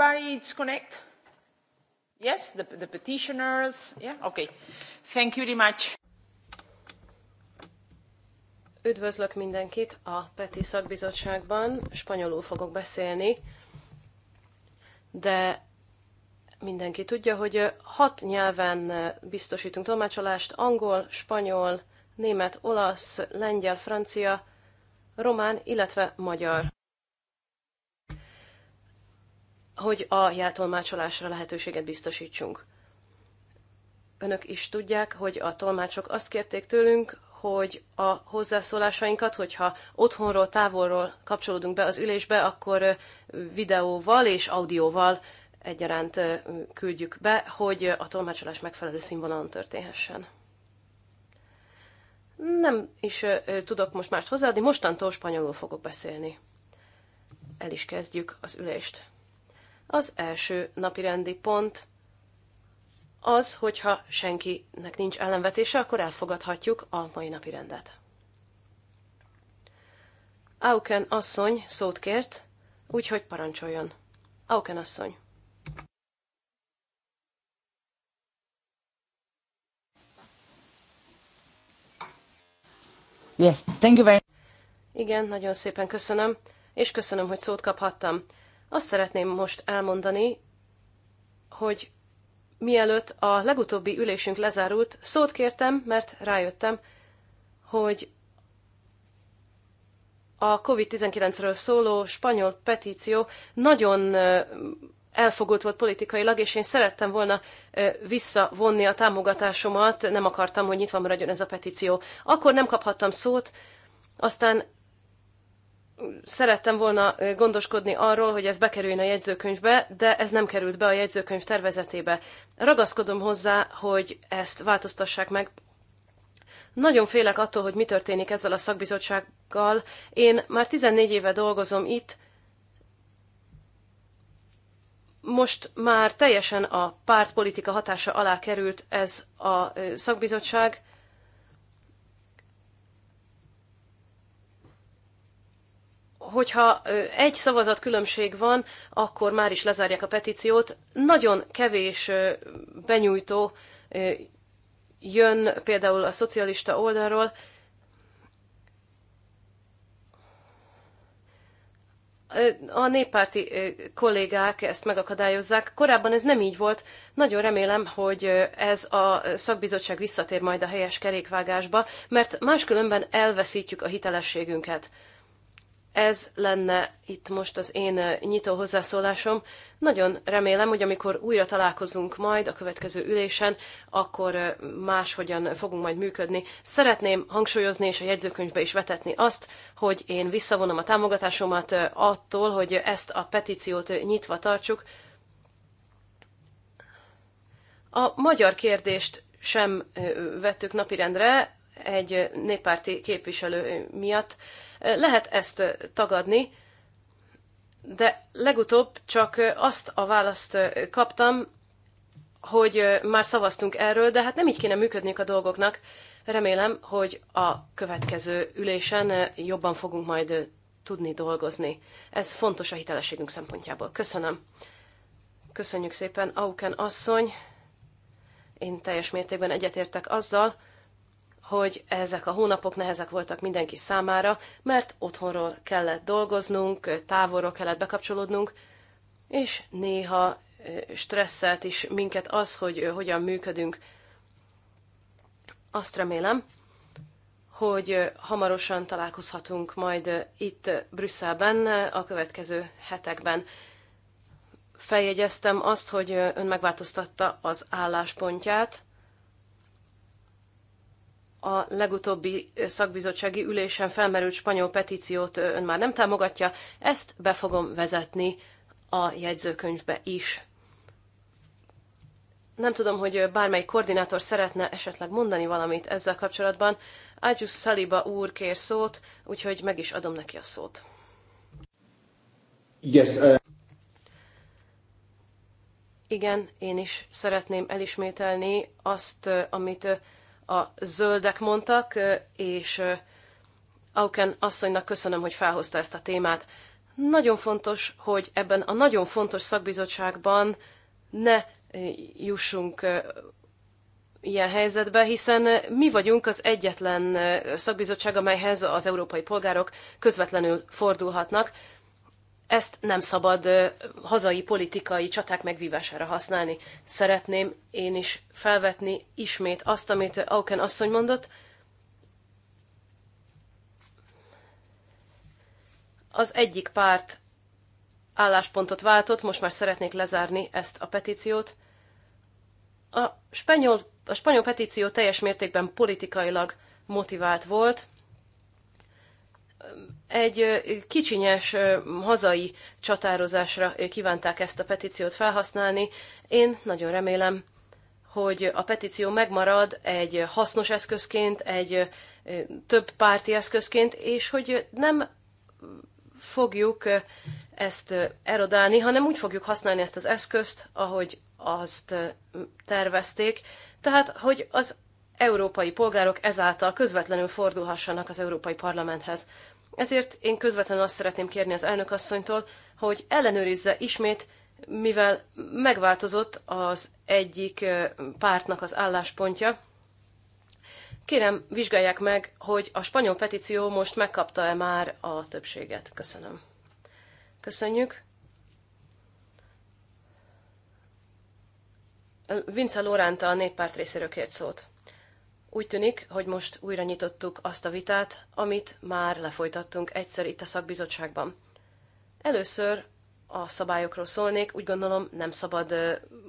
everybody is connect? Yes, the, the petitioners. Yeah, okay. Thank you very much. Üdvözlök mindenkit a Peti szakbizottságban. Spanyolul fogok beszélni, de mindenki tudja, hogy hat nyelven biztosítunk tolmácsolást, angol, spanyol, német, olasz, lengyel, francia, román, illetve magyar hogy a jeltolmácsolásra lehetőséget biztosítsunk. Önök is tudják, hogy a tolmácsok azt kérték tőlünk, hogy a hozzászólásainkat, hogyha otthonról, távolról kapcsolódunk be az ülésbe, akkor videóval és audióval egyaránt küldjük be, hogy a tolmácsolás megfelelő színvonalon történhessen. Nem is tudok most mást hozzáadni, mostantól spanyolul fogok beszélni. El is kezdjük az ülést. Az első napirendi pont az, hogyha senkinek nincs ellenvetése, akkor elfogadhatjuk a mai napi rendet. Auken asszony szót kért, úgyhogy parancsoljon. Auken asszony. Yes, thank you very Igen, nagyon szépen köszönöm, és köszönöm, hogy szót kaphattam. Azt szeretném most elmondani, hogy mielőtt a legutóbbi ülésünk lezárult, szót kértem, mert rájöttem, hogy a COVID-19-ről szóló spanyol petíció nagyon elfogult volt politikailag, és én szerettem volna visszavonni a támogatásomat, nem akartam, hogy nyitva maradjon ez a petíció. Akkor nem kaphattam szót, aztán szerettem volna gondoskodni arról, hogy ez bekerüljön a jegyzőkönyvbe, de ez nem került be a jegyzőkönyv tervezetébe. Ragaszkodom hozzá, hogy ezt változtassák meg. Nagyon félek attól, hogy mi történik ezzel a szakbizottsággal. Én már 14 éve dolgozom itt, most már teljesen a pártpolitika hatása alá került ez a szakbizottság, hogyha egy szavazat különbség van, akkor már is lezárják a petíciót. Nagyon kevés benyújtó jön például a szocialista oldalról, a néppárti kollégák ezt megakadályozzák. Korábban ez nem így volt. Nagyon remélem, hogy ez a szakbizottság visszatér majd a helyes kerékvágásba, mert máskülönben elveszítjük a hitelességünket. Ez lenne itt most az én nyitó hozzászólásom. Nagyon remélem, hogy amikor újra találkozunk majd a következő ülésen, akkor máshogyan fogunk majd működni. Szeretném hangsúlyozni és a jegyzőkönyvbe is vetetni azt, hogy én visszavonom a támogatásomat attól, hogy ezt a petíciót nyitva tartsuk. A magyar kérdést sem vettük napirendre egy néppárti képviselő miatt, lehet ezt tagadni, de legutóbb csak azt a választ kaptam, hogy már szavaztunk erről, de hát nem így kéne működniük a dolgoknak. Remélem, hogy a következő ülésen jobban fogunk majd tudni dolgozni. Ez fontos a hitelességünk szempontjából. Köszönöm. Köszönjük szépen, Auken asszony. Én teljes mértékben egyetértek azzal, hogy ezek a hónapok nehezek voltak mindenki számára, mert otthonról kellett dolgoznunk, távolról kellett bekapcsolódnunk, és néha stresszelt is minket az, hogy hogyan működünk. Azt remélem, hogy hamarosan találkozhatunk majd itt Brüsszelben a következő hetekben. Feljegyeztem azt, hogy ön megváltoztatta az álláspontját, a legutóbbi szakbizottsági ülésen felmerült spanyol petíciót ön már nem támogatja, ezt be fogom vezetni a jegyzőkönyvbe is. Nem tudom, hogy bármely koordinátor szeretne esetleg mondani valamit ezzel kapcsolatban. Ágyus saliba úr kér szót, úgyhogy meg is adom neki a szót. Yes, uh... Igen, én is szeretném elismételni azt, amit a zöldek mondtak, és Auken asszonynak köszönöm, hogy felhozta ezt a témát. Nagyon fontos, hogy ebben a nagyon fontos szakbizottságban ne jussunk ilyen helyzetbe, hiszen mi vagyunk az egyetlen szakbizottság, amelyhez az európai polgárok közvetlenül fordulhatnak, ezt nem szabad hazai politikai csaták megvívására használni. Szeretném én is felvetni ismét azt, amit Auken asszony mondott. Az egyik párt álláspontot váltott, most már szeretnék lezárni ezt a petíciót. A spanyol, a spanyol petíció teljes mértékben politikailag motivált volt, egy kicsinyes hazai csatározásra kívánták ezt a petíciót felhasználni. Én nagyon remélem, hogy a petíció megmarad egy hasznos eszközként, egy több párti eszközként, és hogy nem fogjuk ezt erodálni, hanem úgy fogjuk használni ezt az eszközt, ahogy azt tervezték. Tehát, hogy az európai polgárok ezáltal közvetlenül fordulhassanak az Európai Parlamenthez. Ezért én közvetlenül azt szeretném kérni az elnökasszonytól, hogy ellenőrizze ismét, mivel megváltozott az egyik pártnak az álláspontja, Kérem, vizsgálják meg, hogy a spanyol petíció most megkapta-e már a többséget. Köszönöm. Köszönjük. Vince Loránta a néppárt részéről kért szót. Úgy tűnik, hogy most újra nyitottuk azt a vitát, amit már lefolytattunk egyszer itt a szakbizottságban. Először a szabályokról szólnék, úgy gondolom nem szabad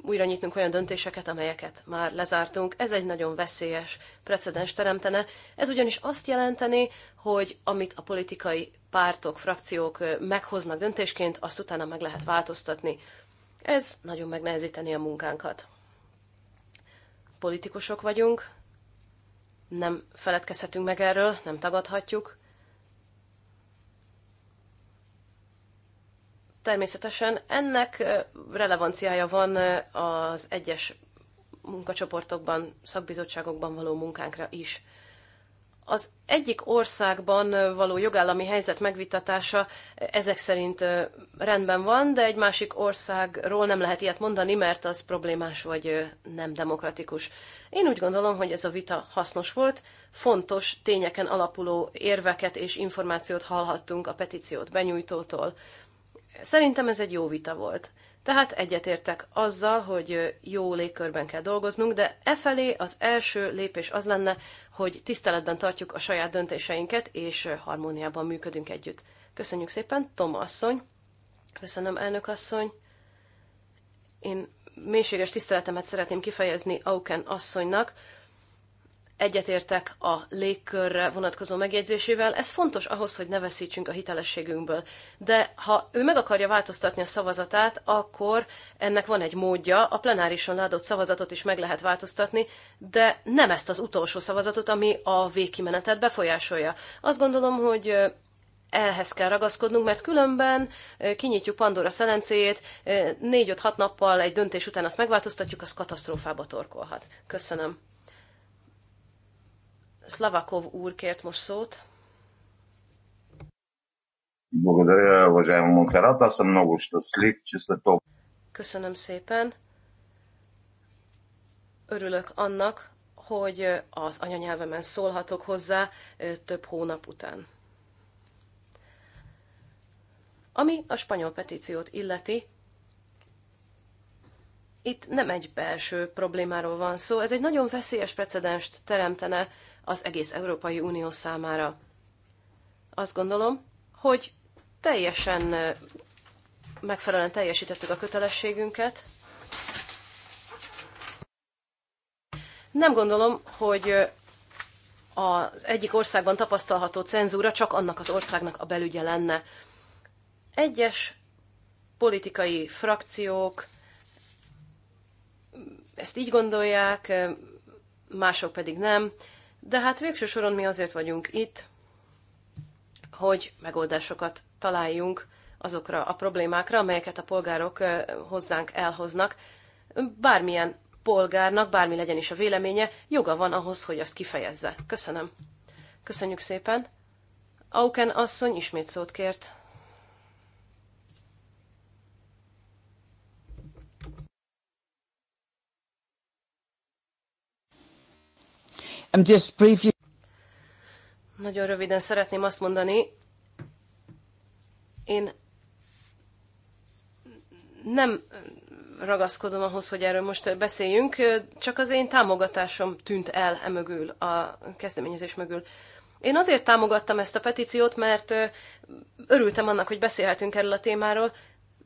újra nyitnunk olyan döntéseket, amelyeket már lezártunk. Ez egy nagyon veszélyes precedens teremtene. Ez ugyanis azt jelenteni, hogy amit a politikai pártok, frakciók meghoznak döntésként, azt utána meg lehet változtatni. Ez nagyon megnehezíteni a munkánkat. Politikusok vagyunk, nem feledkezhetünk meg erről, nem tagadhatjuk. Természetesen ennek relevanciája van az egyes munkacsoportokban, szakbizottságokban való munkánkra is. Az egyik országban való jogállami helyzet megvitatása ezek szerint rendben van, de egy másik országról nem lehet ilyet mondani, mert az problémás vagy nem demokratikus. Én úgy gondolom, hogy ez a vita hasznos volt, fontos tényeken alapuló érveket és információt hallhattunk a petíciót benyújtótól. Szerintem ez egy jó vita volt. Tehát egyetértek azzal, hogy jó légkörben kell dolgoznunk, de e felé az első lépés az lenne, hogy tiszteletben tartjuk a saját döntéseinket, és harmóniában működünk együtt. Köszönjük szépen, Tom asszony. Köszönöm, elnök asszony. Én mélységes tiszteletemet szeretném kifejezni Auken asszonynak, egyetértek a légkörre vonatkozó megjegyzésével, ez fontos ahhoz, hogy ne veszítsünk a hitelességünkből. De ha ő meg akarja változtatni a szavazatát, akkor ennek van egy módja, a plenárison látott szavazatot is meg lehet változtatni, de nem ezt az utolsó szavazatot, ami a végkimenetet befolyásolja. Azt gondolom, hogy ehhez kell ragaszkodnunk, mert különben kinyitjuk Pandora szelencéjét, négy-öt-hat nappal egy döntés után azt megváltoztatjuk, az katasztrófába torkolhat. Köszönöm. Slavakov úr kért most szót. Köszönöm szépen. Örülök annak, hogy az anyanyelvemen szólhatok hozzá több hónap után. Ami a spanyol petíciót illeti, itt nem egy belső problémáról van szó, ez egy nagyon veszélyes precedenst teremtene az egész Európai Unió számára. Azt gondolom, hogy teljesen megfelelően teljesítettük a kötelességünket. Nem gondolom, hogy az egyik országban tapasztalható cenzúra csak annak az országnak a belügye lenne. Egyes politikai frakciók ezt így gondolják, mások pedig nem. De hát végső soron mi azért vagyunk itt, hogy megoldásokat találjunk azokra a problémákra, amelyeket a polgárok hozzánk elhoznak. Bármilyen polgárnak, bármi legyen is a véleménye, joga van ahhoz, hogy azt kifejezze. Köszönöm. Köszönjük szépen. Auken asszony ismét szót kért. I'm just briefly... Nagyon röviden szeretném azt mondani, én nem ragaszkodom ahhoz, hogy erről most beszéljünk, csak az én támogatásom tűnt el emögül, a kezdeményezés mögül. Én azért támogattam ezt a petíciót, mert örültem annak, hogy beszélhetünk erről a témáról,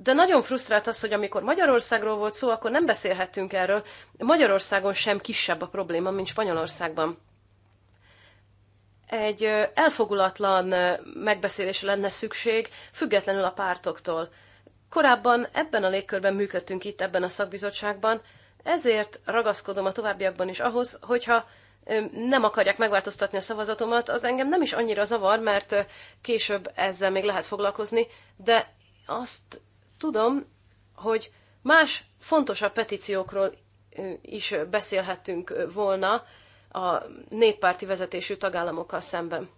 de nagyon frusztrált az, hogy amikor Magyarországról volt szó, akkor nem beszélhettünk erről. Magyarországon sem kisebb a probléma, mint Spanyolországban. Egy elfogulatlan megbeszélésre lenne szükség, függetlenül a pártoktól. Korábban ebben a légkörben működtünk itt, ebben a szakbizottságban, ezért ragaszkodom a továbbiakban is ahhoz, hogyha nem akarják megváltoztatni a szavazatomat, az engem nem is annyira zavar, mert később ezzel még lehet foglalkozni, de azt tudom, hogy más fontosabb petíciókról is beszélhettünk volna a néppárti vezetésű tagállamokkal szemben.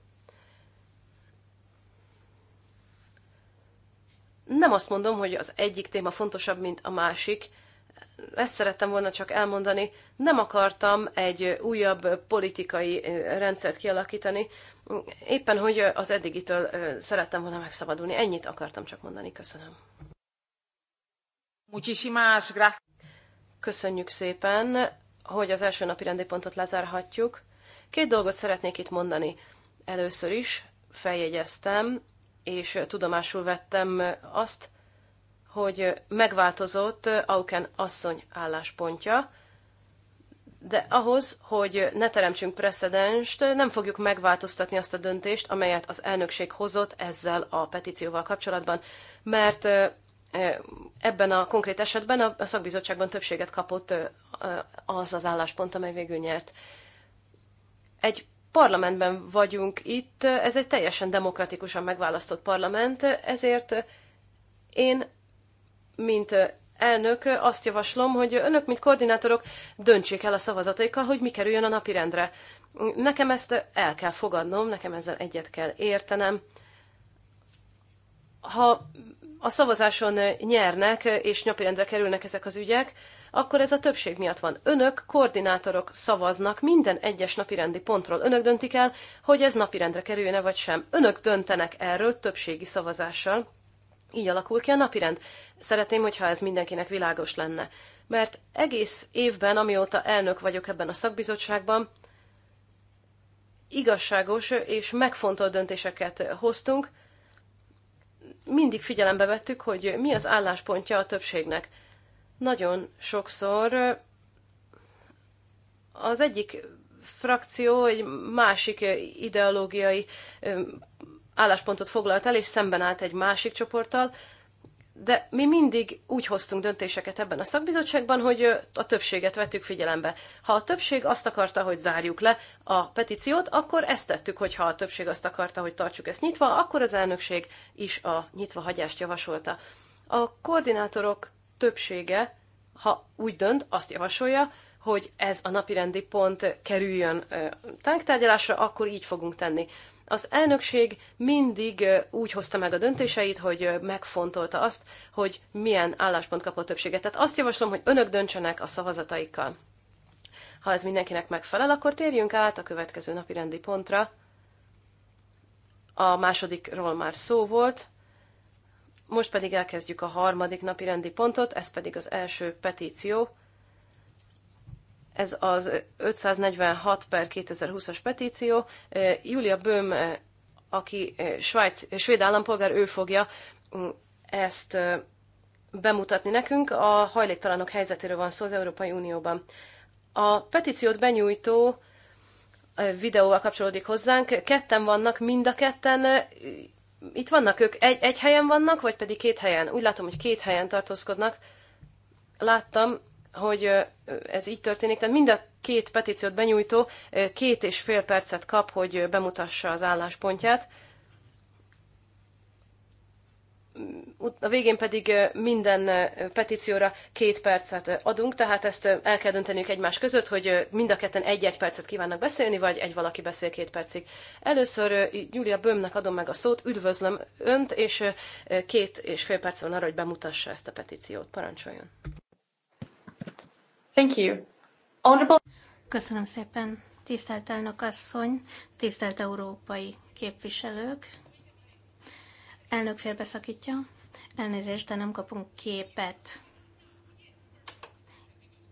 Nem azt mondom, hogy az egyik téma fontosabb, mint a másik. Ezt szerettem volna csak elmondani. Nem akartam egy újabb politikai rendszert kialakítani. Éppen, hogy az eddigitől szerettem volna megszabadulni. Ennyit akartam csak mondani. Köszönöm. Muchísimas gracias. Köszönjük szépen, hogy az első napi rendépontot pontot lezárhatjuk. Két dolgot szeretnék itt mondani. Először is feljegyeztem, és tudomásul vettem azt, hogy megváltozott Auken asszony álláspontja, de ahhoz, hogy ne teremtsünk precedenst, nem fogjuk megváltoztatni azt a döntést, amelyet az elnökség hozott ezzel a petícióval kapcsolatban, mert ebben a konkrét esetben a szakbizottságban többséget kapott az az álláspont, amely végül nyert. Egy parlamentben vagyunk itt, ez egy teljesen demokratikusan megválasztott parlament, ezért én, mint elnök, azt javaslom, hogy önök, mint koordinátorok, döntsék el a szavazataikkal, hogy mi kerüljön a napirendre. Nekem ezt el kell fogadnom, nekem ezzel egyet kell értenem. Ha a szavazáson nyernek és napirendre kerülnek ezek az ügyek, akkor ez a többség miatt van. Önök, koordinátorok szavaznak minden egyes napirendi pontról. Önök döntik el, hogy ez napirendre kerüljön-e vagy sem. Önök döntenek erről többségi szavazással. Így alakul ki a napirend. Szeretném, hogyha ez mindenkinek világos lenne. Mert egész évben, amióta elnök vagyok ebben a szakbizottságban, igazságos és megfontolt döntéseket hoztunk, mindig figyelembe vettük, hogy mi az álláspontja a többségnek. Nagyon sokszor eh, az egyik frakció egy másik eh, ideológiai eh, álláspontot foglalt el, és szemben állt egy másik csoporttal, de mi mindig úgy hoztunk döntéseket ebben a szakbizottságban, hogy a többséget vettük figyelembe. Ha a többség azt akarta, hogy zárjuk le a petíciót, akkor ezt tettük, hogy ha a többség azt akarta, hogy tartsuk ezt nyitva, akkor az elnökség is a nyitva hagyást javasolta. A koordinátorok többsége, ha úgy dönt, azt javasolja, hogy ez a napirendi pont kerüljön tárgyalásra, akkor így fogunk tenni. Az elnökség mindig úgy hozta meg a döntéseit, hogy megfontolta azt, hogy milyen álláspont kapott többséget. Tehát azt javaslom, hogy önök döntsenek a szavazataikkal. Ha ez mindenkinek megfelel, akkor térjünk át a következő napi rendi pontra. A másodikról már szó volt, most pedig elkezdjük a harmadik napi rendi pontot, ez pedig az első petíció, ez az 546 per 2020-as petíció. Julia Böhm, aki Svájc, svéd állampolgár, ő fogja mm, ezt bemutatni nekünk. A hajléktalanok helyzetéről van szó az Európai Unióban. A petíciót benyújtó videóval kapcsolódik hozzánk. Ketten vannak, mind a ketten. Itt vannak ők, egy, egy helyen vannak, vagy pedig két helyen? Úgy látom, hogy két helyen tartózkodnak. Láttam, hogy ez így történik. Tehát mind a két petíciót benyújtó két és fél percet kap, hogy bemutassa az álláspontját. A végén pedig minden petícióra két percet adunk, tehát ezt el kell döntenünk egymás között, hogy mind a ketten egy-egy percet kívánnak beszélni, vagy egy valaki beszél két percig. Először Julia Bömnek adom meg a szót, üdvözlöm Önt, és két és fél perc van arra, hogy bemutassa ezt a petíciót. Parancsoljon! Thank you. Honorable... Köszönöm szépen. Tisztelt elnök asszony, tisztelt európai képviselők. Elnök félbeszakítja. Elnézést, de nem kapunk képet.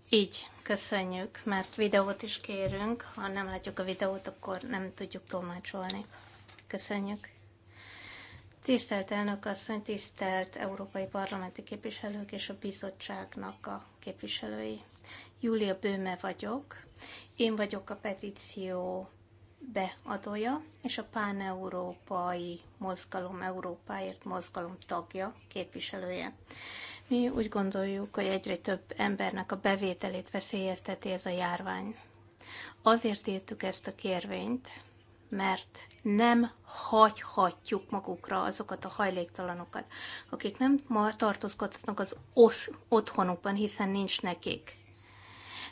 Így köszönjük, mert videót is kérünk. Ha nem látjuk a videót, akkor nem tudjuk tolmácsolni. Köszönjük. Tisztelt elnök asszony, tisztelt európai parlamenti képviselők és a bizottságnak a képviselői. Júlia Bőme vagyok, én vagyok a petíció beadója, és a Pán-Európai Mozgalom Európáért mozgalom tagja, képviselője. Mi úgy gondoljuk, hogy egyre több embernek a bevételét veszélyezteti ez a járvány. Azért írtuk ezt a kérvényt, mert nem hagyhatjuk magukra azokat a hajléktalanokat, akik nem tartózkodhatnak az osz otthonukban, hiszen nincs nekik.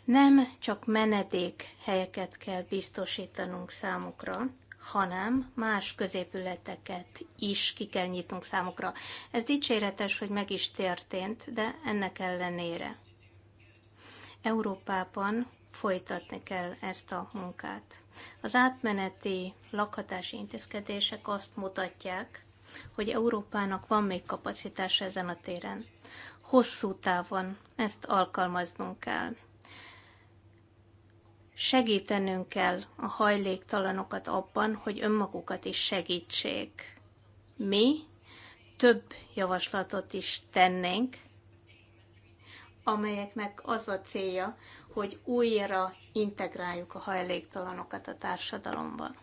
Nem csak helyeket kell biztosítanunk számukra, hanem más középületeket is ki kell nyitnunk számukra. Ez dicséretes, hogy meg is történt, de ennek ellenére Európában folytatni kell ezt a munkát. Az átmeneti lakhatási intézkedések azt mutatják, hogy Európának van még kapacitása ezen a téren. Hosszú távon ezt alkalmaznunk kell segítenünk kell a hajléktalanokat abban, hogy önmagukat is segítsék. Mi több javaslatot is tennénk, amelyeknek az a célja, hogy újra integráljuk a hajléktalanokat a társadalomban.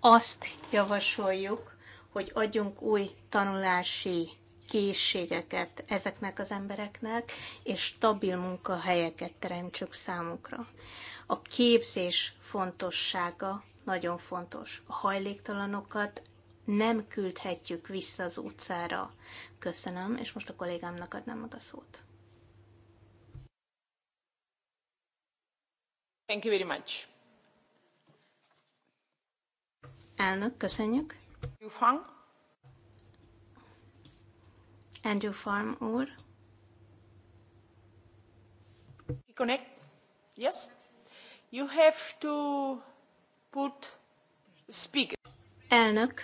Azt javasoljuk, hogy adjunk új tanulási készségeket ezeknek az embereknek, és stabil munkahelyeket teremtsük számukra. A képzés fontossága nagyon fontos. A hajléktalanokat nem küldhetjük vissza az utcára. Köszönöm, és most a kollégámnak adnám meg a szót. Thank you very much. Elnök, köszönjük. Yufang. Andrew Farm úr. Connect? Yes? You have to put speaker. Elnök,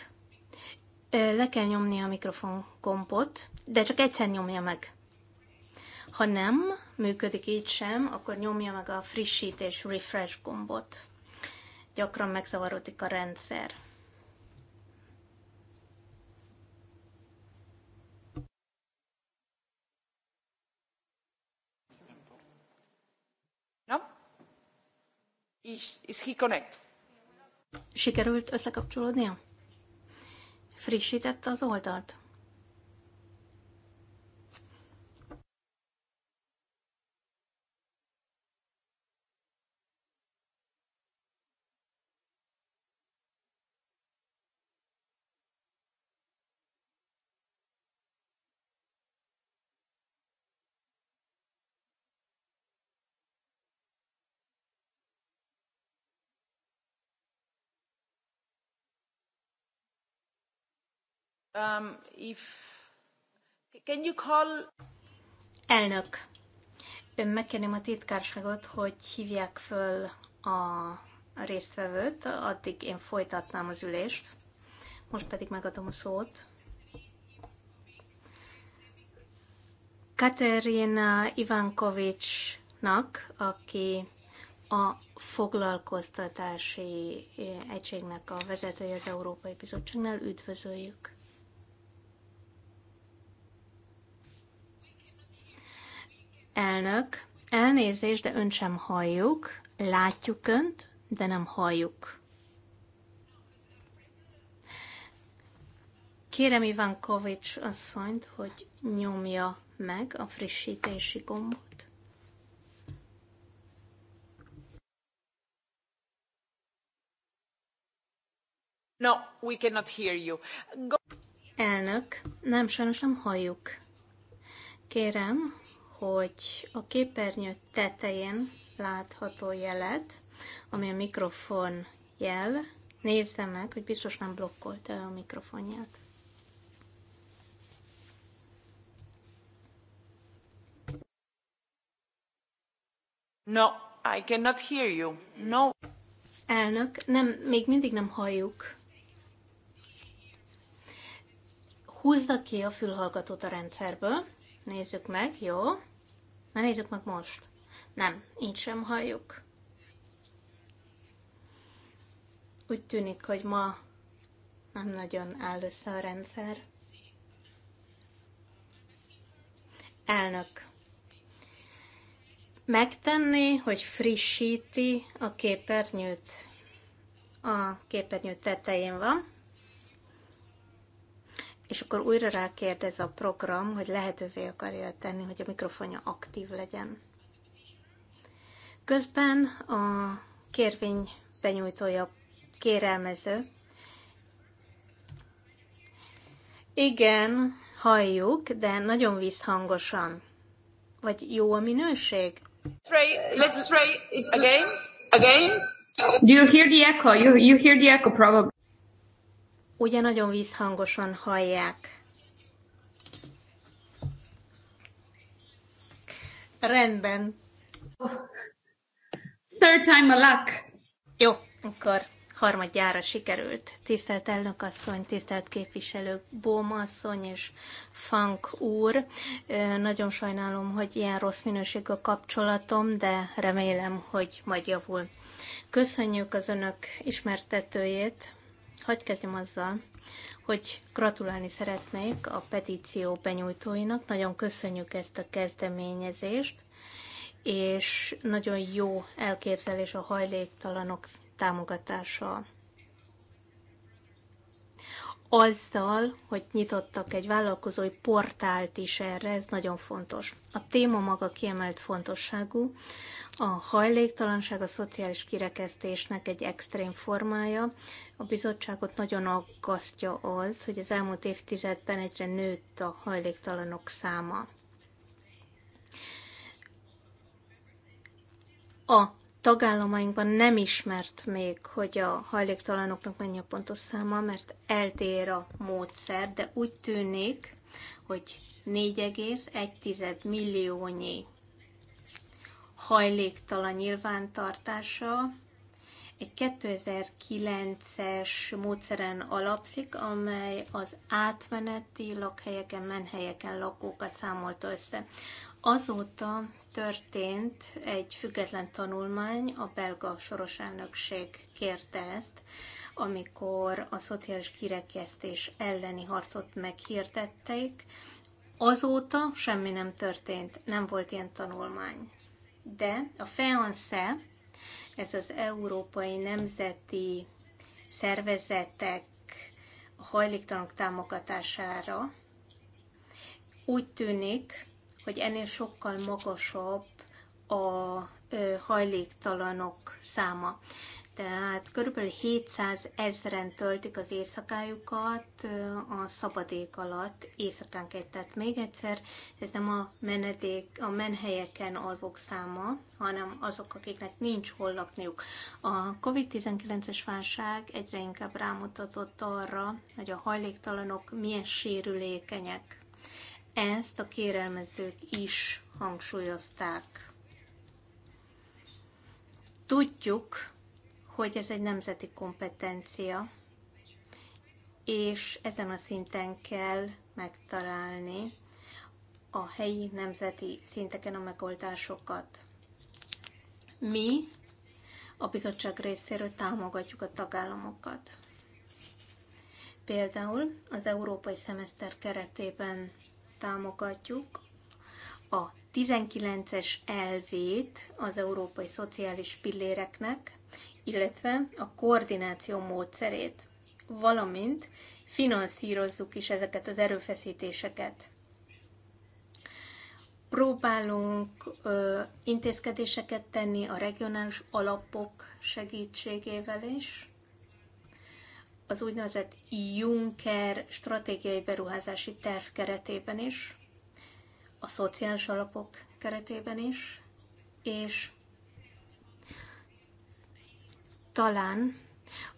le kell nyomni a mikrofon gombot, de csak egyszer nyomja meg. Ha nem működik így sem, akkor nyomja meg a frissítés refresh gombot. Gyakran megzavarodik a rendszer. Is, is he connect? Sikerült összekapcsolódnia? Frissítette az oldalt? Um, Elnök, Ön megkérném a titkárságot, hogy hívják föl a résztvevőt, addig én folytatnám az ülést. Most pedig megadom a szót. Katerina Ivankovicsnak, aki a foglalkoztatási egységnek a vezetője az Európai Bizottságnál, üdvözöljük. Elnök, elnézést, de ön sem halljuk. Látjuk önt, de nem halljuk. Kérem Iván Kovics asszonyt, hogy nyomja meg a frissítési gombot. No, we cannot hear you. Go- Elnök, nem sajnos nem halljuk. Kérem, hogy a képernyő tetején látható jelet, ami a mikrofon jel, nézze meg, hogy biztos nem blokkolta a mikrofonját. No, I cannot hear you. No. Elnök, nem, még mindig nem halljuk. Húzza ki a fülhallgatót a rendszerből. Nézzük meg, jó? Na nézzük meg most. Nem, így sem halljuk. Úgy tűnik, hogy ma nem nagyon áll össze a rendszer. Elnök. Megtenni, hogy frissíti a képernyőt. A képernyő tetején van és akkor újra rákérdez a program, hogy lehetővé akarja tenni, hogy a mikrofonja aktív legyen. Közben a kérvény benyújtója kérelmező. Igen, halljuk, de nagyon visszhangosan. Vagy jó a minőség? Try, let's try it again, again. Do you hear the echo? You, you hear the echo probably ugye nagyon vízhangosan hallják. Rendben. Oh. Third time a luck. Jó, akkor harmadjára sikerült. Tisztelt elnökasszony, tisztelt képviselők, Bóma asszony és Funk úr. Nagyon sajnálom, hogy ilyen rossz minőség a kapcsolatom, de remélem, hogy majd javul. Köszönjük az önök ismertetőjét, Hagy kezdjem azzal, hogy gratulálni szeretnék a petíció benyújtóinak. Nagyon köszönjük ezt a kezdeményezést, és nagyon jó elképzelés a hajléktalanok támogatása azzal, hogy nyitottak egy vállalkozói portált is erre, ez nagyon fontos. A téma maga kiemelt fontosságú, a hajléktalanság a szociális kirekesztésnek egy extrém formája. A bizottságot nagyon aggasztja az, hogy az elmúlt évtizedben egyre nőtt a hajléktalanok száma. A tagállamainkban nem ismert még, hogy a hajléktalanoknak mennyi a pontos száma, mert eltér a módszer, de úgy tűnik, hogy 4,1 milliónyi hajléktalan nyilvántartása egy 2009-es módszeren alapszik, amely az átmeneti lakhelyeken, menhelyeken lakókat számolta össze. Azóta történt egy független tanulmány, a belga soros elnökség kérte ezt, amikor a szociális kirekesztés elleni harcot meghirdették. Azóta semmi nem történt, nem volt ilyen tanulmány de a FEANSZE, ez az Európai Nemzeti Szervezetek a hajléktalanok támogatására, úgy tűnik, hogy ennél sokkal magasabb a hajléktalanok száma. Tehát körülbelül 700 ezeren töltik az éjszakájukat a szabadék alatt éjszakánként. Tehát még egyszer, ez nem a menedék, a menhelyeken alvók száma, hanem azok, akiknek nincs hol lakniuk. A COVID-19-es válság egyre inkább rámutatott arra, hogy a hajléktalanok milyen sérülékenyek. Ezt a kérelmezők is hangsúlyozták. Tudjuk, hogy ez egy nemzeti kompetencia, és ezen a szinten kell megtalálni a helyi nemzeti szinteken a megoldásokat. Mi a bizottság részéről támogatjuk a tagállamokat. Például az európai szemeszter keretében támogatjuk a 19-es elvét az európai szociális pilléreknek, illetve a koordináció módszerét, valamint finanszírozzuk is ezeket az erőfeszítéseket. Próbálunk ö, intézkedéseket tenni a regionális alapok segítségével is, az úgynevezett Juncker stratégiai beruházási terv keretében is, a szociális alapok keretében is, és talán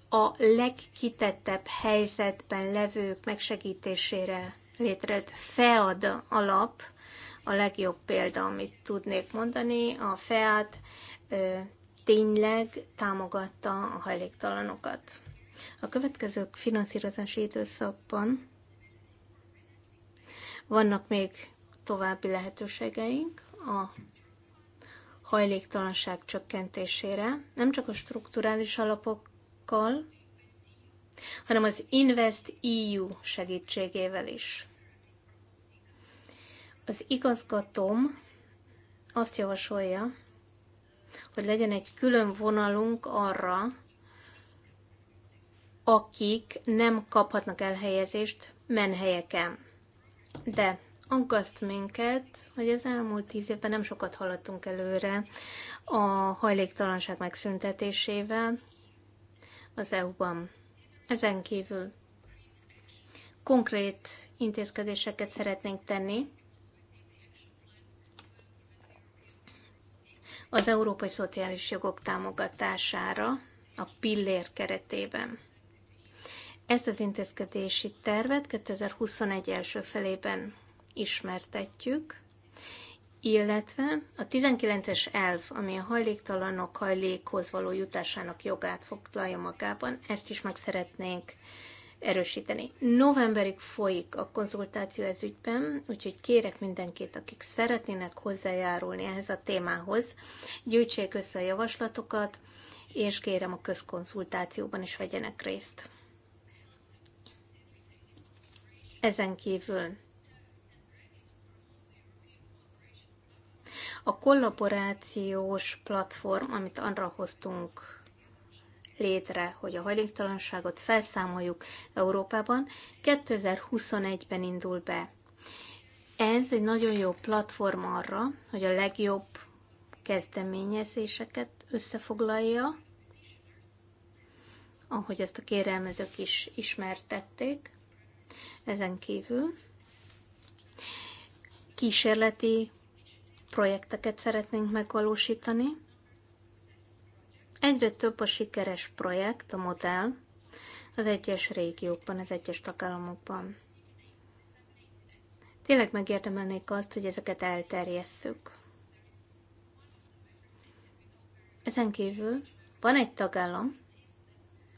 a legkitettebb helyzetben levők megsegítésére létrejött FEAD alap a legjobb példa, amit tudnék mondani. A FEAD ö, tényleg támogatta a hajléktalanokat. A következő finanszírozási időszakban vannak még további lehetőségeink a hajléktalanság csökkentésére, nem csak a strukturális alapokkal, hanem az Invest EU segítségével is. Az igazgatóm azt javasolja, hogy legyen egy külön vonalunk arra, akik nem kaphatnak elhelyezést menhelyeken. De aggaszt minket, hogy az elmúlt tíz évben nem sokat haladtunk előre a hajléktalanság megszüntetésével az EU-ban. Ezen kívül konkrét intézkedéseket szeretnénk tenni az európai szociális jogok támogatására a pillér keretében. Ezt az intézkedési tervet 2021 első felében ismertetjük, illetve a 19-es elv, ami a hajléktalanok hajlékhoz való jutásának jogát foglalja magában, ezt is meg szeretnénk erősíteni. Novemberig folyik a konzultáció ez ügyben, úgyhogy kérek mindenkit, akik szeretnének hozzájárulni ehhez a témához, gyűjtsék össze a javaslatokat, és kérem a közkonzultációban is vegyenek részt. Ezen kívül A kollaborációs platform, amit arra hoztunk létre, hogy a hajléktalanságot felszámoljuk Európában, 2021-ben indul be. Ez egy nagyon jó platform arra, hogy a legjobb kezdeményezéseket összefoglalja, ahogy ezt a kérelmezők is ismertették. Ezen kívül kísérleti projekteket szeretnénk megvalósítani. Egyre több a sikeres projekt, a modell az egyes régiókban, az egyes tagállamokban. Tényleg megérdemelnék azt, hogy ezeket elterjesszük. Ezen kívül van egy tagállam,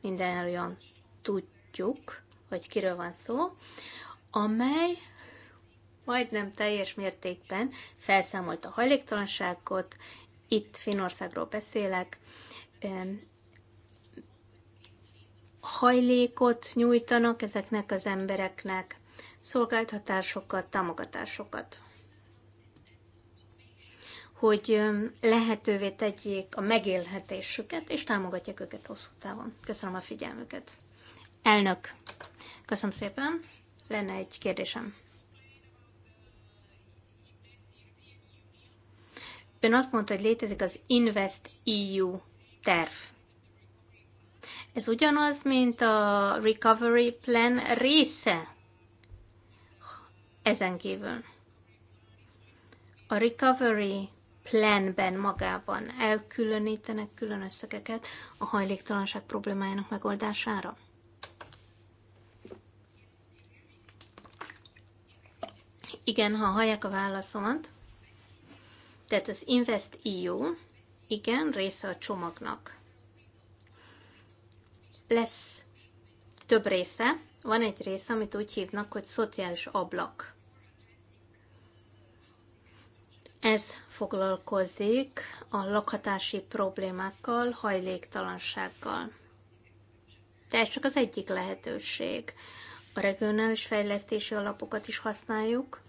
minden olyan tudjuk, hogy kiről van szó, amely majdnem teljes mértékben felszámolt a hajléktalanságot, itt Finországról beszélek, hajlékot nyújtanak ezeknek az embereknek, szolgáltatásokat, támogatásokat hogy lehetővé tegyék a megélhetésüket, és támogatják őket hosszú távon. Köszönöm a figyelmüket. Elnök, köszönöm szépen. Lenne egy kérdésem. Ön azt mondta, hogy létezik az Invest EU terv. Ez ugyanaz, mint a Recovery Plan része ezen kívül. A Recovery Planben magában elkülönítenek külön összegeket a hajléktalanság problémájának megoldására. Igen, ha hallják a válaszomat, tehát az Invest EU, igen, része a csomagnak. Lesz több része. Van egy része, amit úgy hívnak, hogy szociális ablak. Ez foglalkozik a lakhatási problémákkal, hajléktalansággal. De ez csak az egyik lehetőség. A regionális fejlesztési alapokat is használjuk,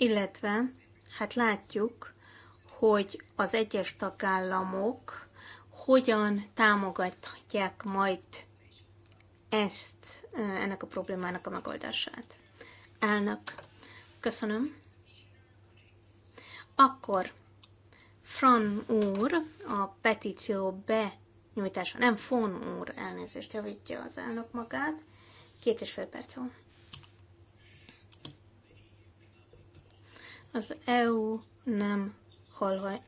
Illetve, hát látjuk, hogy az egyes tagállamok hogyan támogatják majd ezt, e, ennek a problémának a megoldását. Elnök, köszönöm. Akkor Fran úr, a petíció benyújtása, nem Fon úr, elnézést javítja az elnök magát, két és fél perc van. Az EU nem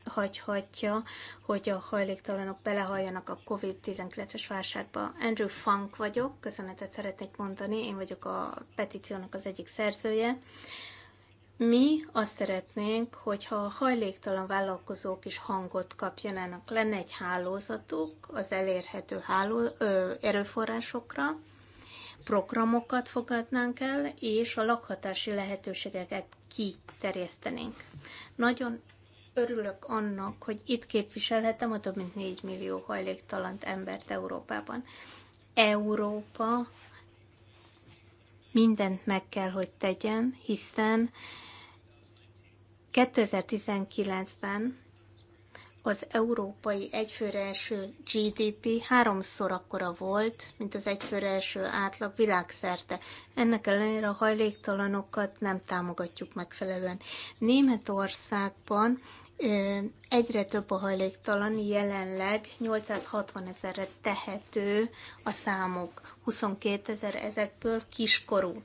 hagyhatja, hogy a hajléktalanok belehaljanak a COVID-19-es válságba. Andrew Funk vagyok, köszönetet szeretnék mondani, én vagyok a petíciónak az egyik szerzője. Mi azt szeretnénk, hogyha a hajléktalan vállalkozók is hangot kapjanak, lenne egy hálózatuk az elérhető háló, ö, erőforrásokra, programokat fogadnánk el, és a lakhatási lehetőségeket kiterjesztenénk. Nagyon örülök annak, hogy itt képviselhetem a több mint 4 millió hajléktalant embert Európában. Európa mindent meg kell, hogy tegyen, hiszen 2019-ben az európai egyfőre első GDP háromszor akkora volt, mint az egyfőre első átlag világszerte. Ennek ellenére a hajléktalanokat nem támogatjuk megfelelően. Németországban egyre több a hajléktalan, jelenleg 860 ezerre tehető a számok, 22 ezer ezekből kiskorú.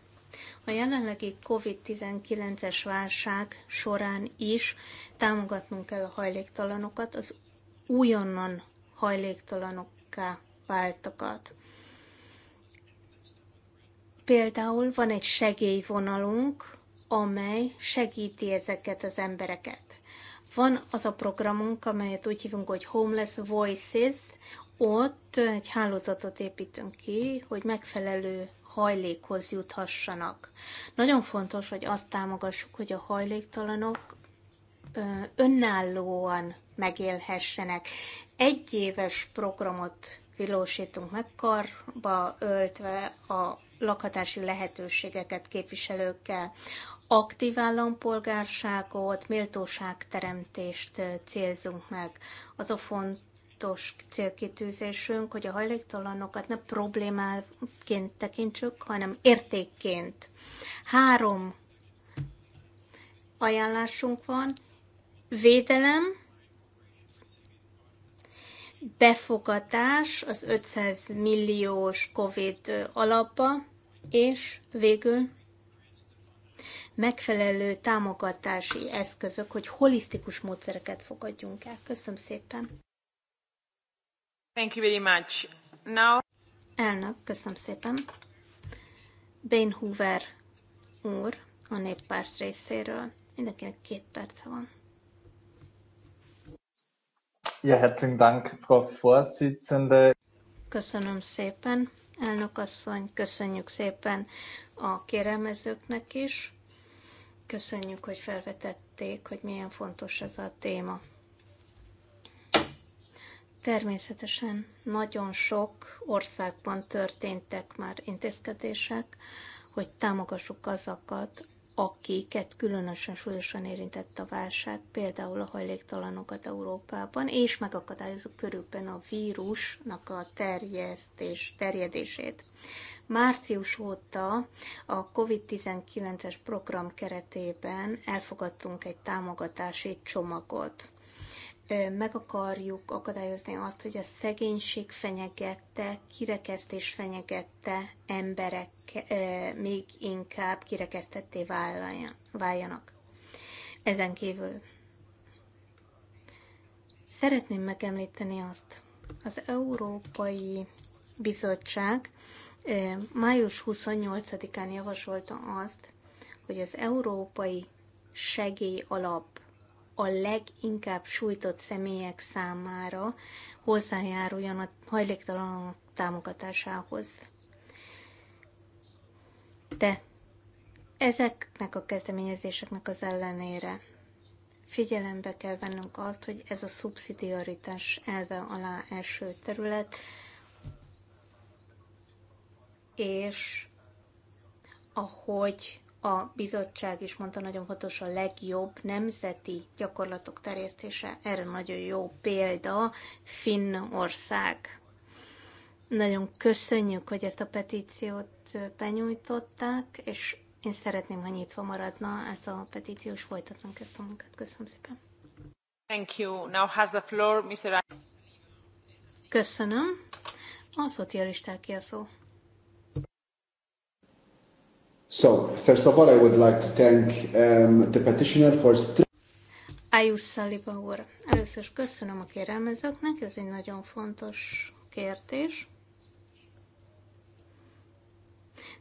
A jelenlegi COVID-19-es válság során is Támogatnunk kell a hajléktalanokat, az újonnan hajléktalanokká váltakat. Például van egy segélyvonalunk, amely segíti ezeket az embereket. Van az a programunk, amelyet úgy hívunk, hogy Homeless Voices, ott egy hálózatot építünk ki, hogy megfelelő hajlékhoz juthassanak. Nagyon fontos, hogy azt támogassuk, hogy a hajléktalanok önállóan megélhessenek. Egy éves programot vilósítunk meg, karba öltve a lakhatási lehetőségeket képviselőkkel, aktív állampolgárságot, méltóságteremtést célzunk meg. Az a fontos célkitűzésünk, hogy a hajléktalanokat ne problémáként tekintsük, hanem értékként. Három ajánlásunk van, védelem, befogadás az 500 milliós COVID alapba, és végül megfelelő támogatási eszközök, hogy holisztikus módszereket fogadjunk el. Köszönöm szépen! Thank you very much. Now... Elnök, köszönöm szépen. Ben Hoover úr a néppárt részéről. Mindenkinek két perce van. Ja, herzlichen Dank, Frau Vorsitzende. Köszönöm szépen, elnök asszony, köszönjük szépen a kérelmezőknek is. Köszönjük, hogy felvetették, hogy milyen fontos ez a téma. Természetesen nagyon sok országban történtek már intézkedések, hogy támogassuk azokat, akiket különösen súlyosan érintett a válság, például a hajléktalanokat Európában, és megakadályozó körülben a vírusnak a terjesztés, terjedését. Március óta a COVID-19-es program keretében elfogadtunk egy támogatási csomagot meg akarjuk akadályozni azt, hogy a szegénység fenyegette, kirekesztés fenyegette emberek még inkább kirekesztetté váljanak. Ezen kívül szeretném megemlíteni azt, az Európai Bizottság május 28-án javasolta azt, hogy az Európai Segély Alap a leginkább sújtott személyek számára hozzájáruljon a hajléktalanok támogatásához. De ezeknek a kezdeményezéseknek az ellenére figyelembe kell vennünk azt, hogy ez a szubszidiaritás elve alá első terület, és ahogy a bizottság is mondta, nagyon fontos a legjobb nemzeti gyakorlatok terjesztése. Erre nagyon jó példa Finnország. Nagyon köszönjük, hogy ezt a petíciót benyújtották, és én szeretném, ha nyitva maradna ez a petíció, és folytatnánk ezt a munkát. Köszönöm szépen. Thank you. Now has the floor, Mr. Köszönöm. A szocialistáké a szó. So, first of all, I would like to thank um, the petitioner for... Ayus úr, először is köszönöm a kérelmezőknek, ez egy nagyon fontos kérdés.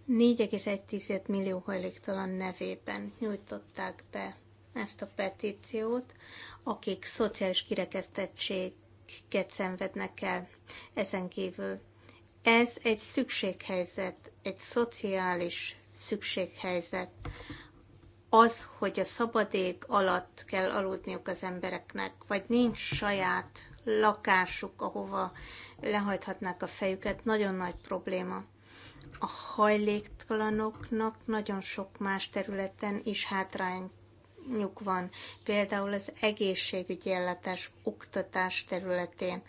4,1 millió hajléktalan nevében nyújtották be ezt a petíciót, akik szociális kirekesztettséget szenvednek el ezen kívül. Ez egy szükséghelyzet, egy szociális szükséghelyzet. Az, hogy a ég alatt kell aludniuk az embereknek, vagy nincs saját lakásuk, ahova lehajthatnák a fejüket, nagyon nagy probléma. A hajléktalanoknak nagyon sok más területen is hátrány van, például az egészségügyi ellátás, oktatás területén.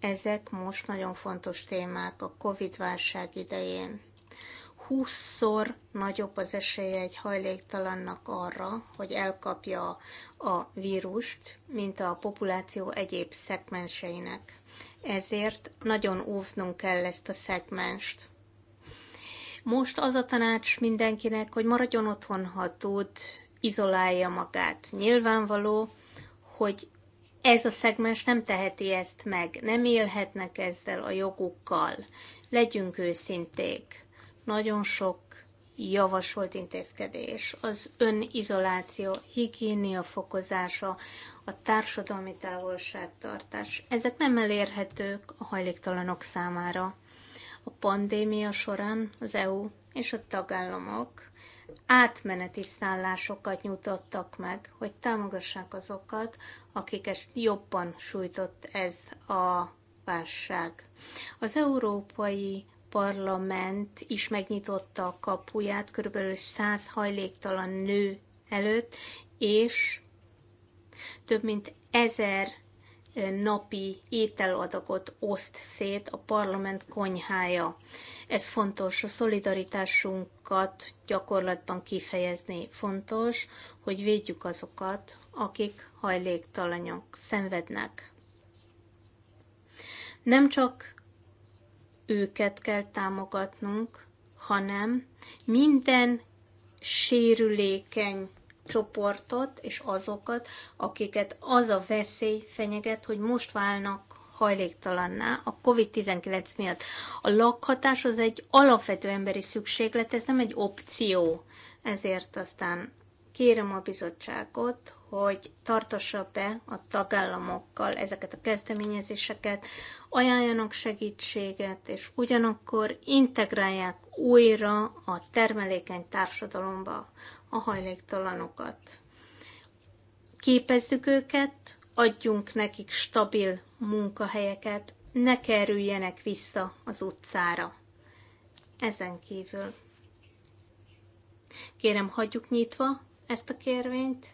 Ezek most nagyon fontos témák a COVID-válság idején húszszor nagyobb az esélye egy hajléktalannak arra, hogy elkapja a vírust, mint a populáció egyéb szegmenseinek. Ezért nagyon óvnunk kell ezt a szegmenst. Most az a tanács mindenkinek, hogy maradjon otthon, ha tud, izolálja magát. Nyilvánvaló, hogy ez a szegmens nem teheti ezt meg, nem élhetnek ezzel a jogukkal. Legyünk őszinték. Nagyon sok javasolt intézkedés, az önizoláció, higiénia fokozása, a társadalmi távolságtartás, ezek nem elérhetők a hajléktalanok számára. A pandémia során az EU és a tagállamok átmeneti szállásokat nyújtottak meg, hogy támogassák azokat, akiket jobban sújtott ez a válság. Az európai parlament is megnyitotta a kapuját körülbelül 100 hajléktalan nő előtt, és több mint ezer napi ételadagot oszt szét a parlament konyhája. Ez fontos, a szolidaritásunkat gyakorlatban kifejezni. Fontos, hogy védjük azokat, akik hajléktalanok, szenvednek. Nem csak őket kell támogatnunk, hanem minden sérülékeny csoportot és azokat, akiket az a veszély fenyeget, hogy most válnak hajléktalanná a COVID-19 miatt. A lakhatás az egy alapvető emberi szükséglet, ez nem egy opció. Ezért aztán Kérem a bizottságot, hogy tartassa be a tagállamokkal ezeket a kezdeményezéseket, ajánljanak segítséget, és ugyanakkor integrálják újra a termelékeny társadalomba a hajléktalanokat. Képezzük őket, adjunk nekik stabil munkahelyeket, ne kerüljenek vissza az utcára. Ezen kívül. Kérem, hagyjuk nyitva ezt a kérvényt,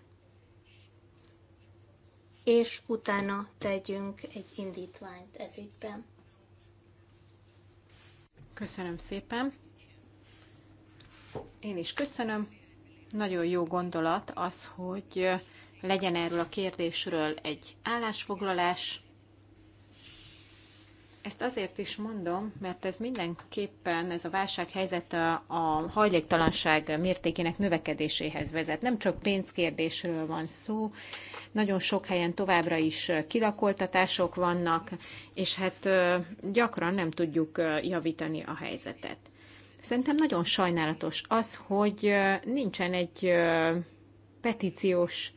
és utána tegyünk egy indítványt ez ügyben. Köszönöm szépen. Én is köszönöm. Nagyon jó gondolat az, hogy legyen erről a kérdésről egy állásfoglalás, ezt azért is mondom, mert ez mindenképpen, ez a válsághelyzet a, a hajléktalanság mértékének növekedéséhez vezet. Nem csak pénzkérdésről van szó, nagyon sok helyen továbbra is kilakoltatások vannak, és hát gyakran nem tudjuk javítani a helyzetet. Szerintem nagyon sajnálatos az, hogy nincsen egy petíciós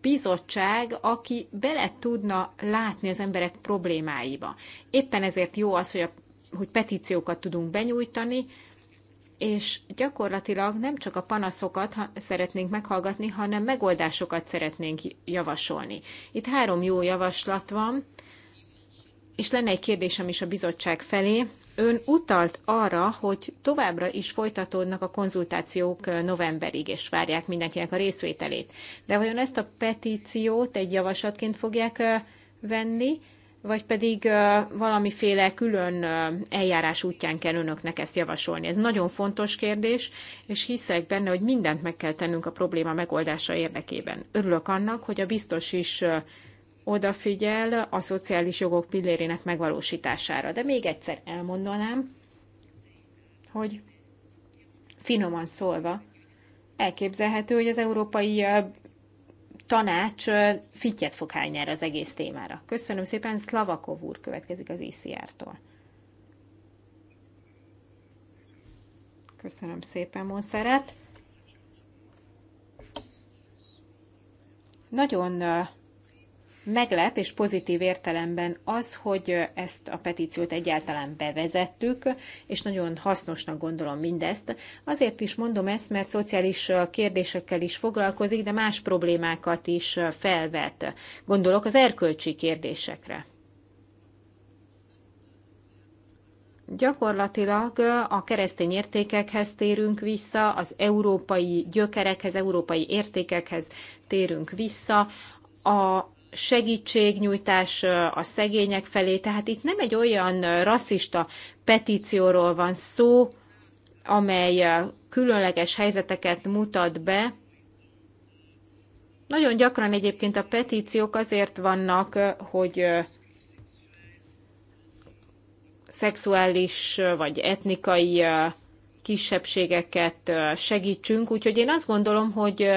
bizottság, aki bele tudna látni az emberek problémáiba. Éppen ezért jó az, hogy, a, hogy petíciókat tudunk benyújtani, és gyakorlatilag nem csak a panaszokat szeretnénk meghallgatni, hanem megoldásokat szeretnénk javasolni. Itt három jó javaslat van, és lenne egy kérdésem is a bizottság felé. Ön utalt arra, hogy továbbra is folytatódnak a konzultációk eh, novemberig, és várják mindenkinek a részvételét. De vajon ezt a petíciót egy javaslatként fogják eh, venni, vagy pedig eh, valamiféle külön eljárás útján kell önöknek ezt javasolni. Ez nagyon fontos kérdés, és hiszek benne, hogy mindent meg kell tennünk a probléma megoldása érdekében. Örülök annak, hogy a biztos is odafigyel a szociális jogok pillérének megvalósítására. De még egyszer elmondanám, hogy finoman szólva, elképzelhető, hogy az Európai Tanács fittyet fog hányni erre az egész témára. Köszönöm szépen, Szlavakov úr következik az ICR-tól. Köszönöm szépen, Monszeret. Nagyon meglep és pozitív értelemben az, hogy ezt a petíciót egyáltalán bevezettük, és nagyon hasznosnak gondolom mindezt. Azért is mondom ezt, mert szociális kérdésekkel is foglalkozik, de más problémákat is felvet. Gondolok az erkölcsi kérdésekre. gyakorlatilag a keresztény értékekhez térünk vissza, az európai gyökerekhez, európai értékekhez térünk vissza, a segítségnyújtás a szegények felé, tehát itt nem egy olyan rasszista petícióról van szó, amely különleges helyzeteket mutat be. Nagyon gyakran egyébként a petíciók azért vannak, hogy szexuális vagy etnikai kisebbségeket segítsünk, úgyhogy én azt gondolom, hogy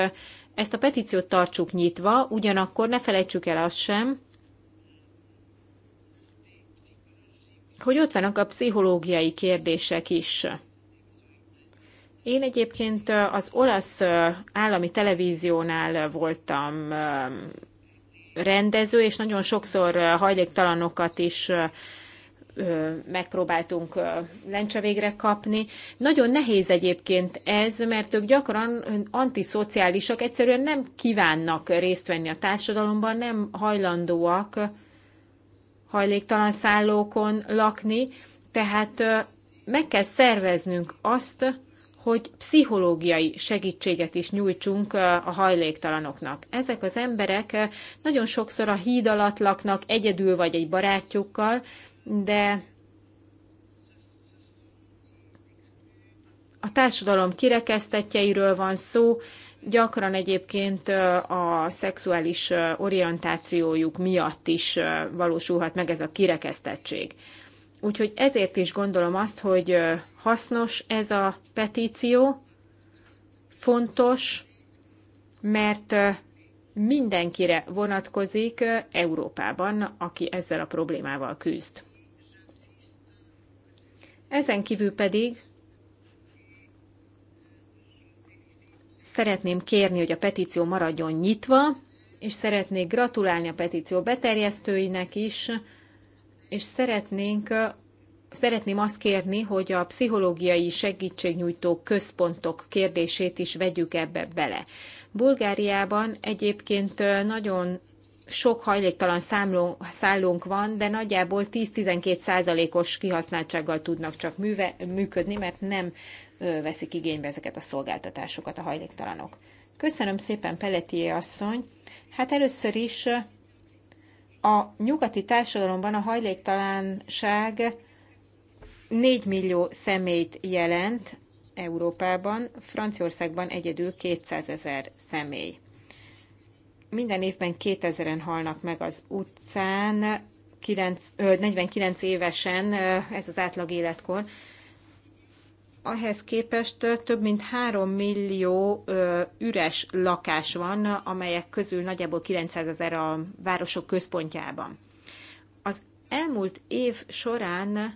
ezt a petíciót tartsuk nyitva, ugyanakkor ne felejtsük el azt sem, hogy ott vannak a pszichológiai kérdések is. Én egyébként eh, az olasz eh, állami televíziónál voltam eh, rendező, és nagyon sokszor hajléktalanokat is megpróbáltunk lencse végre kapni. Nagyon nehéz egyébként ez, mert ők gyakran antiszociálisak, egyszerűen nem kívánnak részt venni a társadalomban, nem hajlandóak hajléktalan szállókon lakni, tehát meg kell szerveznünk azt, hogy pszichológiai segítséget is nyújtsunk a hajléktalanoknak. Ezek az emberek nagyon sokszor a híd alatt laknak egyedül vagy egy barátjukkal, de a társadalom kirekesztetjeiről van szó, gyakran egyébként a szexuális orientációjuk miatt is valósulhat meg ez a kirekesztettség. Úgyhogy ezért is gondolom azt, hogy hasznos ez a petíció, fontos, mert mindenkire vonatkozik Európában, aki ezzel a problémával küzd. Ezen kívül pedig szeretném kérni, hogy a petíció maradjon nyitva, és szeretnék gratulálni a petíció beterjesztőinek is, és szeretnénk, szeretném azt kérni, hogy a pszichológiai segítségnyújtó központok kérdését is vegyük ebbe bele. Bulgáriában egyébként nagyon sok hajléktalan szállónk van, de nagyjából 10-12 százalékos kihasználtsággal tudnak csak műve, működni, mert nem veszik igénybe ezeket a szolgáltatásokat a hajléktalanok. Köszönöm szépen, Pelletié asszony. Hát először is a nyugati társadalomban a hajléktalanság 4 millió személyt jelent Európában, Franciaországban egyedül 200 ezer személy minden évben 2000-en halnak meg az utcán, 9, 49 évesen ez az átlag életkor. Ahhez képest több mint 3 millió üres lakás van, amelyek közül nagyjából 900 ezer a városok központjában. Az elmúlt év során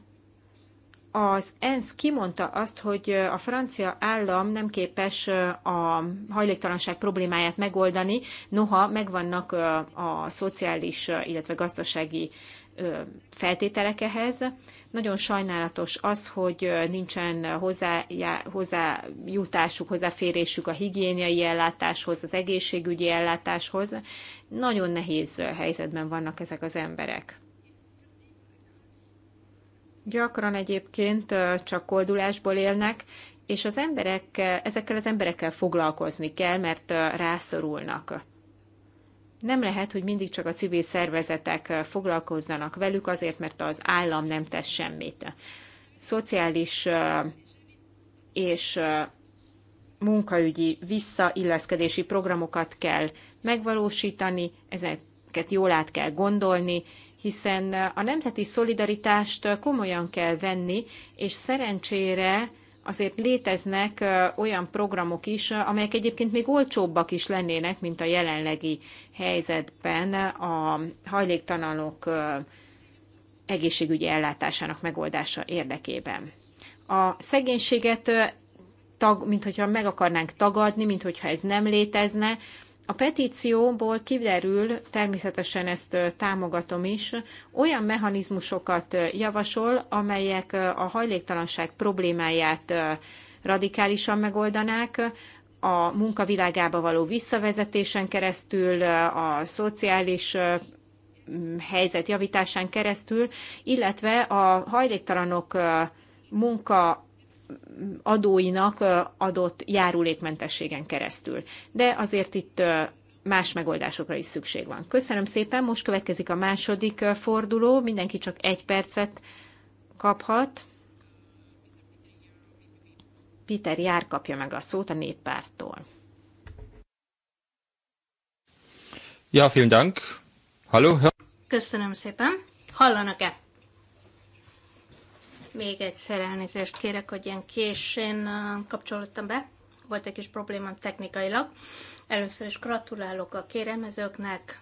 az ENSZ kimondta azt, hogy a francia állam nem képes a hajléktalanság problémáját megoldani, noha megvannak a szociális, illetve gazdasági feltételek ehhez. Nagyon sajnálatos az, hogy nincsen hozzá, hozzájutásuk, hozzáférésük a higiéniai ellátáshoz, az egészségügyi ellátáshoz. Nagyon nehéz helyzetben vannak ezek az emberek. Gyakran egyébként csak koldulásból élnek, és az emberek, ezekkel az emberekkel foglalkozni kell, mert rászorulnak. Nem lehet, hogy mindig csak a civil szervezetek foglalkozzanak velük azért, mert az állam nem tesz semmit. Szociális és munkaügyi visszailleszkedési programokat kell megvalósítani, ezeket jól át kell gondolni, hiszen a nemzeti szolidaritást komolyan kell venni, és szerencsére azért léteznek olyan programok is, amelyek egyébként még olcsóbbak is lennének, mint a jelenlegi helyzetben a hajléktalanok egészségügyi ellátásának megoldása érdekében. A szegénységet tag, mint hogyha meg akarnánk tagadni, mint hogyha ez nem létezne, a petícióból kiderül, természetesen ezt támogatom is, olyan mechanizmusokat javasol, amelyek a hajléktalanság problémáját radikálisan megoldanák, a munkavilágába való visszavezetésen keresztül, a szociális helyzet javításán keresztül, illetve a hajléktalanok munka adóinak adott járulékmentességen keresztül. De azért itt más megoldásokra is szükség van. Köszönöm szépen, most következik a második forduló, mindenki csak egy percet kaphat. Peter Jár kapja meg a szót a néppártól. Ja, vielen Dank. Hallo. Köszönöm szépen. Hallanak-e? Még egyszer elnézést kérek, hogy ilyen későn kapcsolódtam be. Volt egy kis problémám technikailag. Először is gratulálok a kérelmezőknek.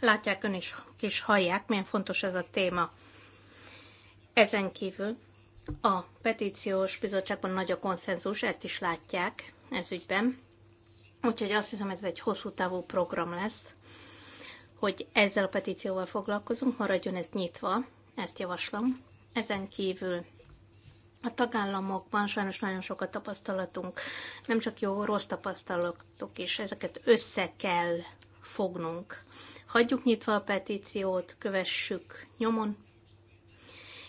Látják ön is, kis hallják, milyen fontos ez a téma. Ezen kívül a petíciós bizottságban nagy a konszenzus, ezt is látják ez ügyben. Úgyhogy azt hiszem, ez egy hosszú távú program lesz, hogy ezzel a petícióval foglalkozunk, maradjon ez nyitva, ezt javaslom. Ezen kívül a tagállamokban sajnos nagyon sok a tapasztalatunk, nem csak jó, rossz tapasztalatok is, ezeket össze kell fognunk. Hagyjuk nyitva a petíciót, kövessük nyomon,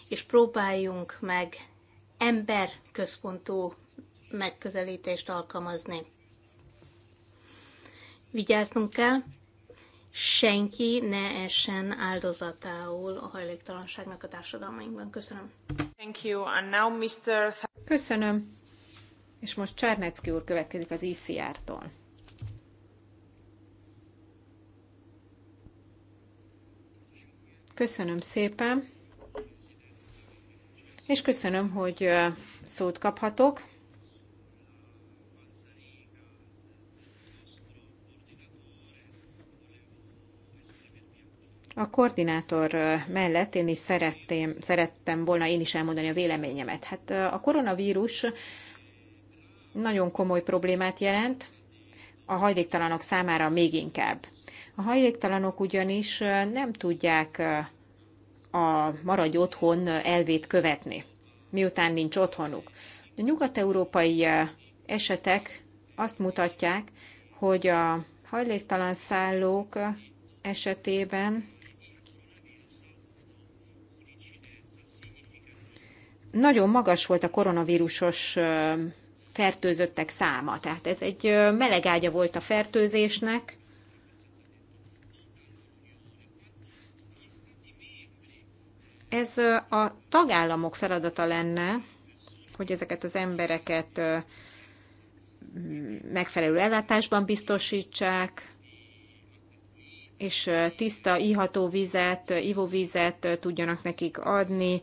és próbáljunk meg emberközpontú megközelítést alkalmazni. Vigyáznunk kell, senki ne essen áldozatául a hajléktalanságnak a társadalmainkban. Köszönöm. Thank you. And now Mr. Köszönöm. És most Csárnecki úr következik az ICR-tól. Köszönöm szépen, és köszönöm, hogy szót kaphatok. A koordinátor mellett én is szerettem, szerettem volna én is elmondani a véleményemet. Hát a koronavírus nagyon komoly problémát jelent, a hajléktalanok számára még inkább. A hajléktalanok ugyanis nem tudják a maradj otthon elvét követni, miután nincs otthonuk. A nyugat-európai esetek azt mutatják, hogy a hajléktalan szállók esetében nagyon magas volt a koronavírusos fertőzöttek száma. Tehát ez egy melegágya volt a fertőzésnek. Ez a tagállamok feladata lenne, hogy ezeket az embereket megfelelő ellátásban biztosítsák, és tiszta iható vizet, ivóvizet tudjanak nekik adni,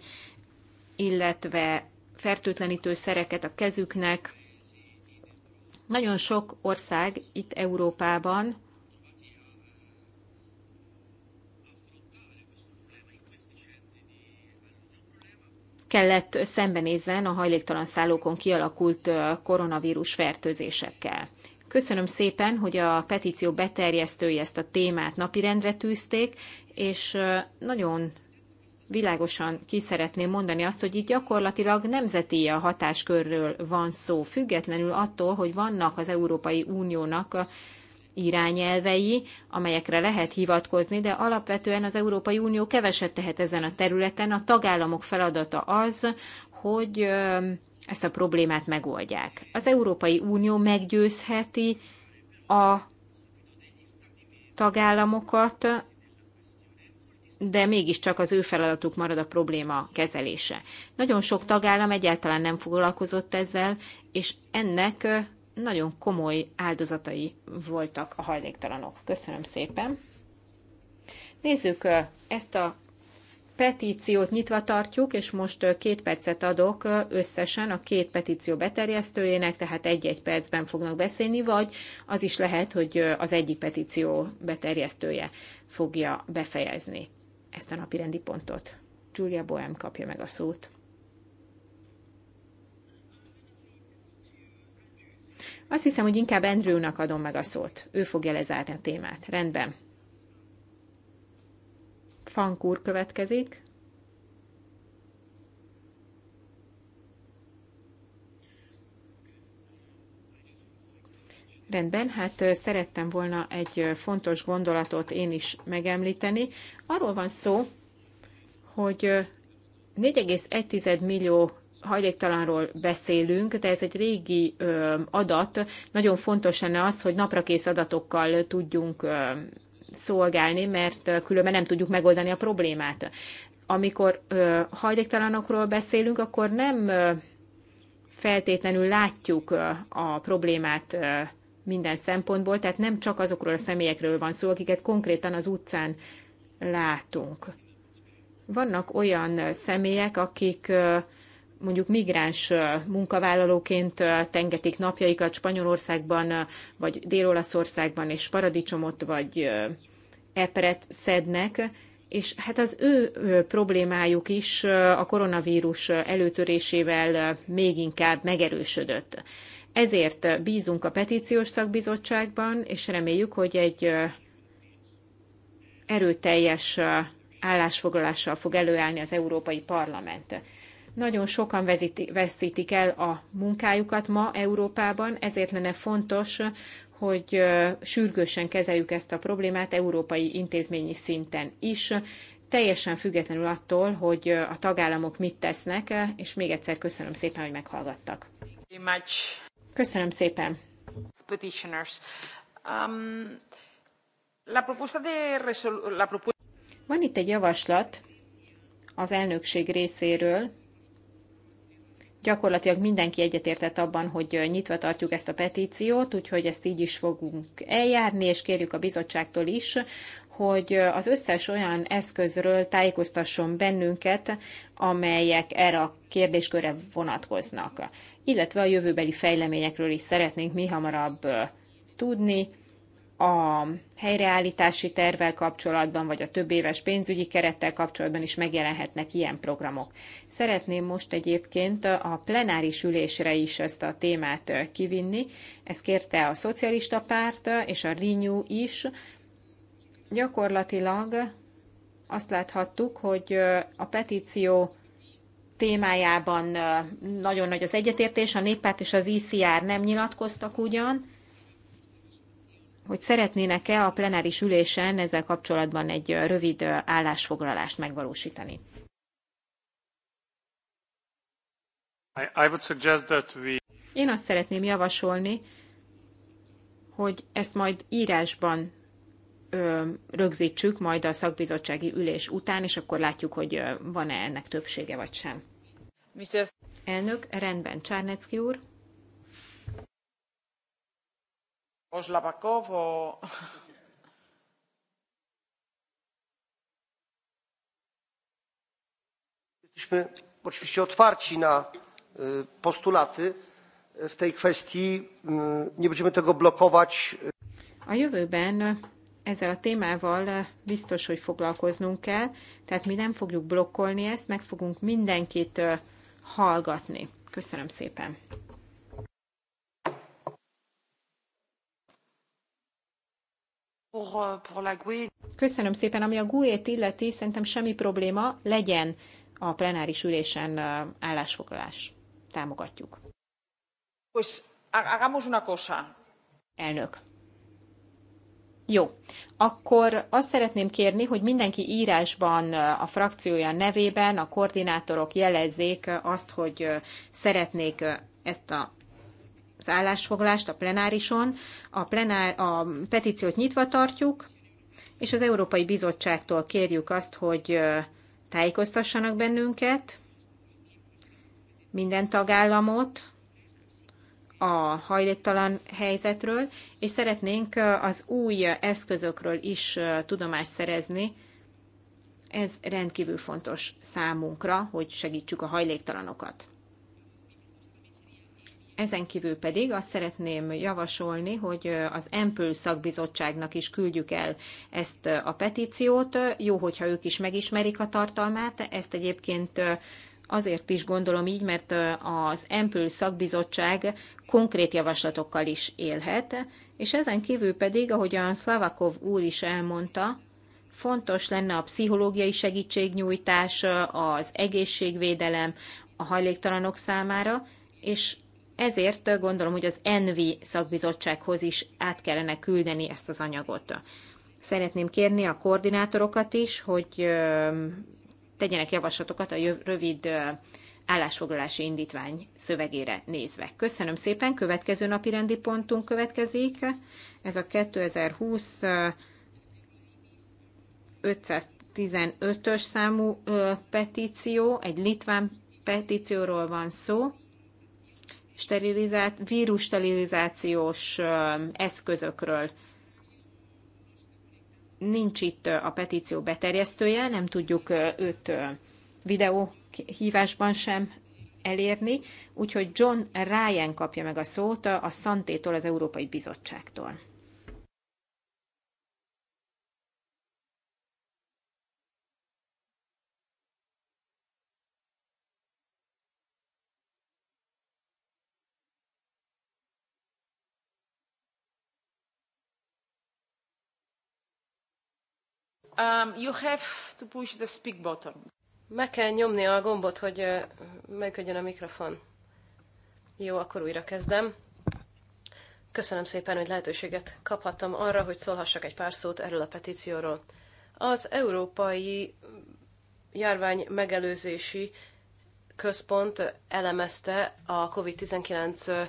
illetve fertőtlenítő szereket a kezüknek. Nagyon sok ország itt Európában kellett szembenézzen a hajléktalan szállókon kialakult koronavírus fertőzésekkel. Köszönöm szépen, hogy a petíció beterjesztői ezt a témát napirendre tűzték, és nagyon világosan ki szeretném mondani azt, hogy itt gyakorlatilag nemzeti a hatáskörről van szó, függetlenül attól, hogy vannak az Európai Uniónak irányelvei, amelyekre lehet hivatkozni, de alapvetően az Európai Unió keveset tehet ezen a területen. A tagállamok feladata az, hogy ezt a problémát megoldják. Az Európai Unió meggyőzheti a tagállamokat de mégiscsak az ő feladatuk marad a probléma kezelése. Nagyon sok tagállam egyáltalán nem foglalkozott ezzel, és ennek nagyon komoly áldozatai voltak a hajléktalanok. Köszönöm szépen! Nézzük, ezt a petíciót nyitva tartjuk, és most két percet adok összesen a két petíció beterjesztőjének, tehát egy-egy percben fognak beszélni, vagy az is lehet, hogy az egyik petíció beterjesztője fogja befejezni ezt a napi rendi pontot. Julia Bohem kapja meg a szót. Azt hiszem, hogy inkább Andrewnak adom meg a szót. Ő fogja lezárni a témát. Rendben. Fankúr következik. Rendben, hát szerettem volna egy fontos gondolatot én is megemlíteni. Arról van szó, hogy 4,1 millió hajléktalanról beszélünk, de ez egy régi ö, adat. Nagyon fontos lenne az, hogy naprakész adatokkal tudjunk ö, szolgálni, mert különben nem tudjuk megoldani a problémát. Amikor ö, hajléktalanokról beszélünk, akkor nem ö, feltétlenül látjuk ö, a problémát. Ö, minden szempontból, tehát nem csak azokról a személyekről van szó, akiket konkrétan az utcán látunk. Vannak olyan személyek, akik mondjuk migráns munkavállalóként tengetik napjaikat Spanyolországban, vagy Dél-Olaszországban, és paradicsomot, vagy eperet szednek, és hát az ő problémájuk is a koronavírus előtörésével még inkább megerősödött. Ezért bízunk a petíciós szakbizottságban, és reméljük, hogy egy erőteljes állásfoglalással fog előállni az Európai Parlament. Nagyon sokan veszítik el a munkájukat ma Európában, ezért lenne fontos, hogy sürgősen kezeljük ezt a problémát európai intézményi szinten is, teljesen függetlenül attól, hogy a tagállamok mit tesznek, és még egyszer köszönöm szépen, hogy meghallgattak. Köszönöm szépen. Petitioners. Um, la proposta de resol- la Van itt egy javaslat az elnökség részéről. Gyakorlatilag mindenki egyetértett abban, hogy nyitva tartjuk ezt a petíciót, úgyhogy ezt így is fogunk eljárni, és kérjük a bizottságtól is, hogy az összes olyan eszközről tájékoztasson bennünket, amelyek erre a kérdéskörre vonatkoznak. Illetve a jövőbeli fejleményekről is szeretnénk mi hamarabb tudni, a helyreállítási tervel kapcsolatban, vagy a több éves pénzügyi kerettel kapcsolatban is megjelenhetnek ilyen programok. Szeretném most egyébként a plenáris ülésre is ezt a témát kivinni. Ezt kérte a Szocialista Párt és a Renew is, gyakorlatilag azt láthattuk, hogy a petíció témájában nagyon nagy az egyetértés, a néppárt és az ICR nem nyilatkoztak ugyan, hogy szeretnének-e a plenáris ülésen ezzel kapcsolatban egy rövid állásfoglalást megvalósítani. I, would suggest that we... Én azt szeretném javasolni, hogy ezt majd írásban rögzítsük majd a szakbizottsági ülés után, és akkor látjuk, hogy van-e ennek többsége vagy sem. Mr. Elnök, rendben, Csárnecki úr. Oslapakov, na A jövőben ezzel a témával biztos, hogy foglalkoznunk kell, tehát mi nem fogjuk blokkolni ezt, meg fogunk mindenkit hallgatni. Köszönöm szépen! Euh, Köszönöm szépen, ami a GUE-t illeti, szerintem semmi probléma legyen a plenáris ülésen állásfoglalás. Támogatjuk. Pues, hagamos una cosa. Elnök. Jó. Akkor azt szeretném kérni, hogy mindenki írásban a frakciója nevében a koordinátorok jelezzék azt, hogy szeretnék ezt a az állásfoglást a plenárison, a, plenár, a petíciót nyitva tartjuk, és az Európai Bizottságtól kérjük azt, hogy tájékoztassanak bennünket, minden tagállamot, a hajléktalan helyzetről, és szeretnénk az új eszközökről is tudomást szerezni. Ez rendkívül fontos számunkra, hogy segítsük a hajléktalanokat. Ezen kívül pedig azt szeretném javasolni, hogy az Empül szakbizottságnak is küldjük el ezt a petíciót. Jó, hogyha ők is megismerik a tartalmát. Ezt egyébként Azért is gondolom így, mert az Empül szakbizottság konkrét javaslatokkal is élhet, és ezen kívül pedig, ahogyan Szlavakov úr is elmondta, fontos lenne a pszichológiai segítségnyújtás, az egészségvédelem a hajléktalanok számára, és ezért gondolom, hogy az ENVI szakbizottsághoz is át kellene küldeni ezt az anyagot. Szeretném kérni a koordinátorokat is, hogy tegyenek javaslatokat a jöv, rövid állásfoglalási indítvány szövegére nézve. Köszönöm szépen, következő napi rendi pontunk következik. Ez a 2020 515-ös számú petíció, egy litván petícióról van szó, sterilizált, sterilizációs eszközökről nincs itt a petíció beterjesztője, nem tudjuk őt videó hívásban sem elérni, úgyhogy John Ryan kapja meg a szót a Szantétól, az Európai Bizottságtól. Um, you have to push the speak button. Meg kell nyomni a gombot, hogy működjön a mikrofon. Jó, akkor újra kezdem. Köszönöm szépen, hogy lehetőséget kaphattam arra, hogy szólhassak egy pár szót erről a petícióról. Az Európai Járvány Megelőzési Központ elemezte a COVID-19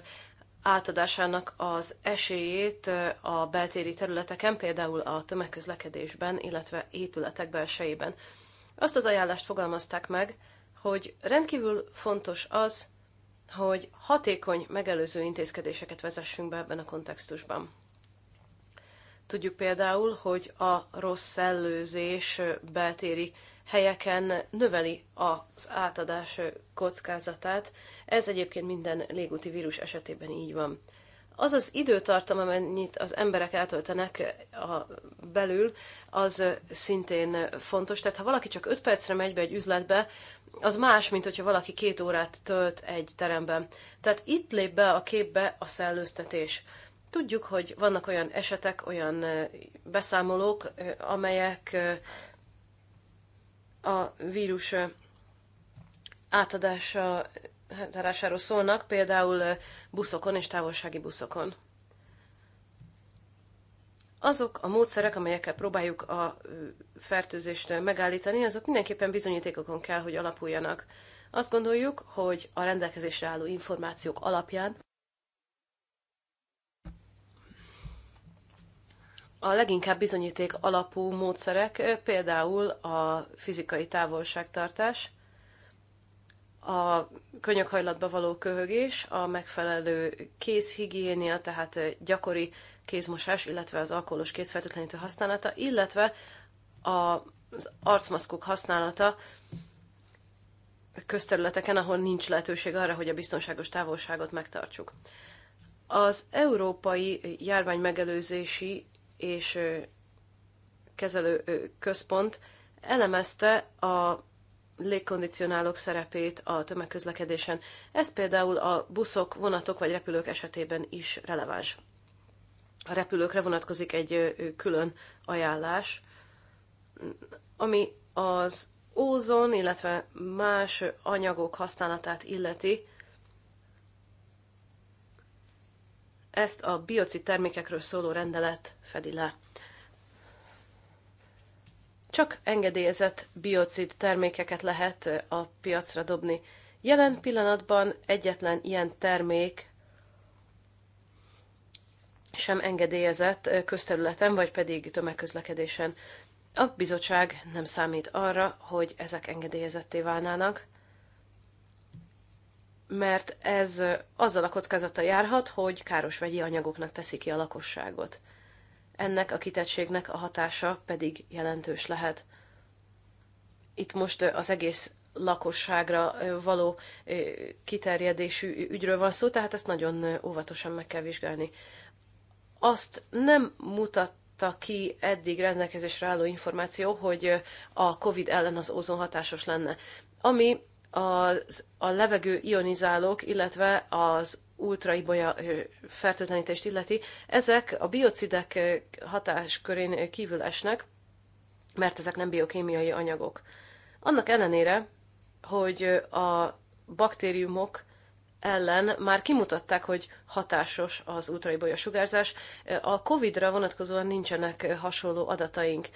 átadásának az esélyét a beltéri területeken, például a tömegközlekedésben, illetve épületek belsejében. Azt az ajánlást fogalmazták meg, hogy rendkívül fontos az, hogy hatékony megelőző intézkedéseket vezessünk be ebben a kontextusban. Tudjuk például, hogy a rossz szellőzés beltéri helyeken növeli az átadás kockázatát. Ez egyébként minden légúti vírus esetében így van. Az az időtartam, amennyit az emberek eltöltenek a belül, az szintén fontos. Tehát ha valaki csak 5 percre megy be egy üzletbe, az más, mint hogyha valaki két órát tölt egy teremben. Tehát itt lép be a képbe a szellőztetés. Tudjuk, hogy vannak olyan esetek, olyan beszámolók, amelyek a vírus átadása átadásáról szólnak, például buszokon és távolsági buszokon. Azok a módszerek, amelyekkel próbáljuk a fertőzést megállítani, azok mindenképpen bizonyítékokon kell, hogy alapuljanak. Azt gondoljuk, hogy a rendelkezésre álló információk alapján a leginkább bizonyíték alapú módszerek, például a fizikai távolságtartás, a könyökhajlatba való köhögés, a megfelelő kézhigiénia, tehát gyakori kézmosás, illetve az alkoholos kézfertőtlenítő használata, illetve az arcmaszkok használata közterületeken, ahol nincs lehetőség arra, hogy a biztonságos távolságot megtartsuk. Az Európai Járvány Megelőzési és kezelő központ elemezte a légkondicionálók szerepét a tömegközlekedésen. Ez például a buszok, vonatok vagy repülők esetében is releváns. A repülőkre vonatkozik egy külön ajánlás, ami az ózon, illetve más anyagok használatát illeti, Ezt a biocid termékekről szóló rendelet fedi le. Csak engedélyezett biocid termékeket lehet a piacra dobni. Jelen pillanatban egyetlen ilyen termék sem engedélyezett közterületen, vagy pedig tömegközlekedésen. A bizottság nem számít arra, hogy ezek engedélyezetté válnának, mert ez azzal a kockázattal járhat, hogy káros vegyi anyagoknak teszi ki a lakosságot. Ennek a kitettségnek a hatása pedig jelentős lehet. Itt most az egész lakosságra való kiterjedésű ügyről van szó, tehát ezt nagyon óvatosan meg kell vizsgálni. Azt nem mutatta ki eddig rendelkezésre álló információ, hogy a COVID ellen az ozon hatásos lenne, ami az, a levegő ionizálók, illetve az ultraibolya fertőtlenítést illeti, ezek a biocidek hatáskörén kívül esnek, mert ezek nem biokémiai anyagok. Annak ellenére, hogy a baktériumok ellen már kimutatták, hogy hatásos az ultraibolya sugárzás. A COVID-ra vonatkozóan nincsenek hasonló adataink.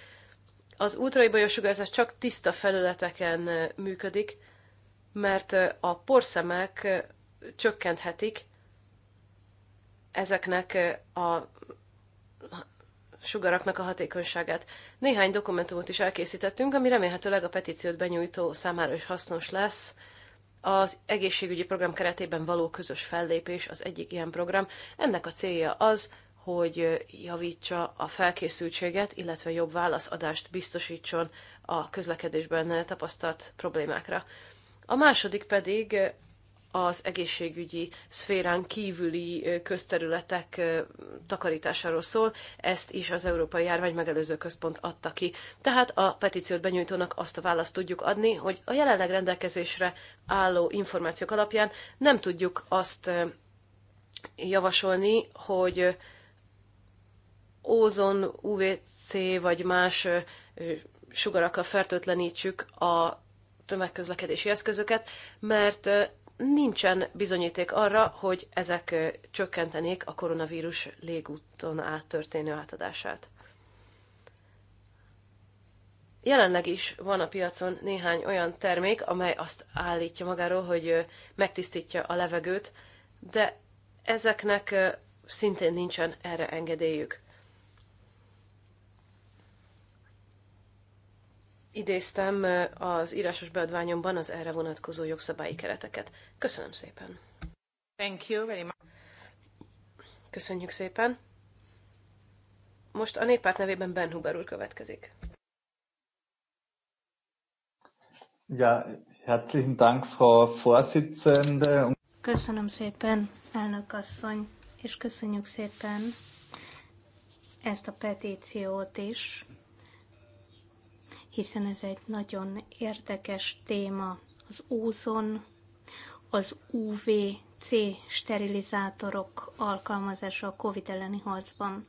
Az ultraibolya sugárzás csak tiszta felületeken működik, mert a porszemek csökkenthetik ezeknek a sugaraknak a hatékonyságát. Néhány dokumentumot is elkészítettünk, ami remélhetőleg a petíciót benyújtó számára is hasznos lesz. Az egészségügyi program keretében való közös fellépés az egyik ilyen program. Ennek a célja az, hogy javítsa a felkészültséget, illetve jobb válaszadást biztosítson a közlekedésben tapasztalt problémákra. A második pedig az egészségügyi szférán kívüli közterületek takarításáról szól, ezt is az Európai Járvány Megelőző Központ adta ki. Tehát a petíciót benyújtónak azt a választ tudjuk adni, hogy a jelenleg rendelkezésre álló információk alapján nem tudjuk azt javasolni, hogy ózon, UVC vagy más sugarakkal fertőtlenítsük a tömegközlekedési eszközöket, mert nincsen bizonyíték arra, hogy ezek csökkentenék a koronavírus légúton át történő átadását. Jelenleg is van a piacon néhány olyan termék, amely azt állítja magáról, hogy megtisztítja a levegőt, de ezeknek szintén nincsen erre engedélyük. idéztem az írásos beadványomban az erre vonatkozó jogszabályi kereteket. Köszönöm szépen! Thank you very much. Köszönjük szépen! Most a néppárt nevében Ben Huber úr következik. Ja, herzlichen Dank, Frau Vorsitzende. Köszönöm szépen, elnök asszony, és köszönjük szépen ezt a petíciót is, hiszen ez egy nagyon érdekes téma. Az ózon, az UVC sterilizátorok alkalmazása a COVID elleni harcban.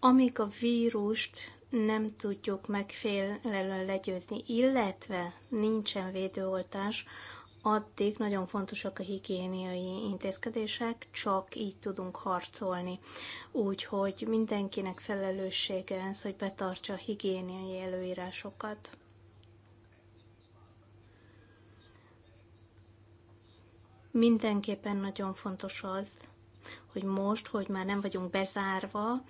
Amíg a vírust nem tudjuk megfelelően legyőzni, illetve nincsen védőoltás, addig nagyon fontosak a higiéniai intézkedések, csak így tudunk harcolni. Úgyhogy mindenkinek felelőssége ez, hogy betartsa a higiéniai előírásokat. Mindenképpen nagyon fontos az, hogy most, hogy már nem vagyunk bezárva,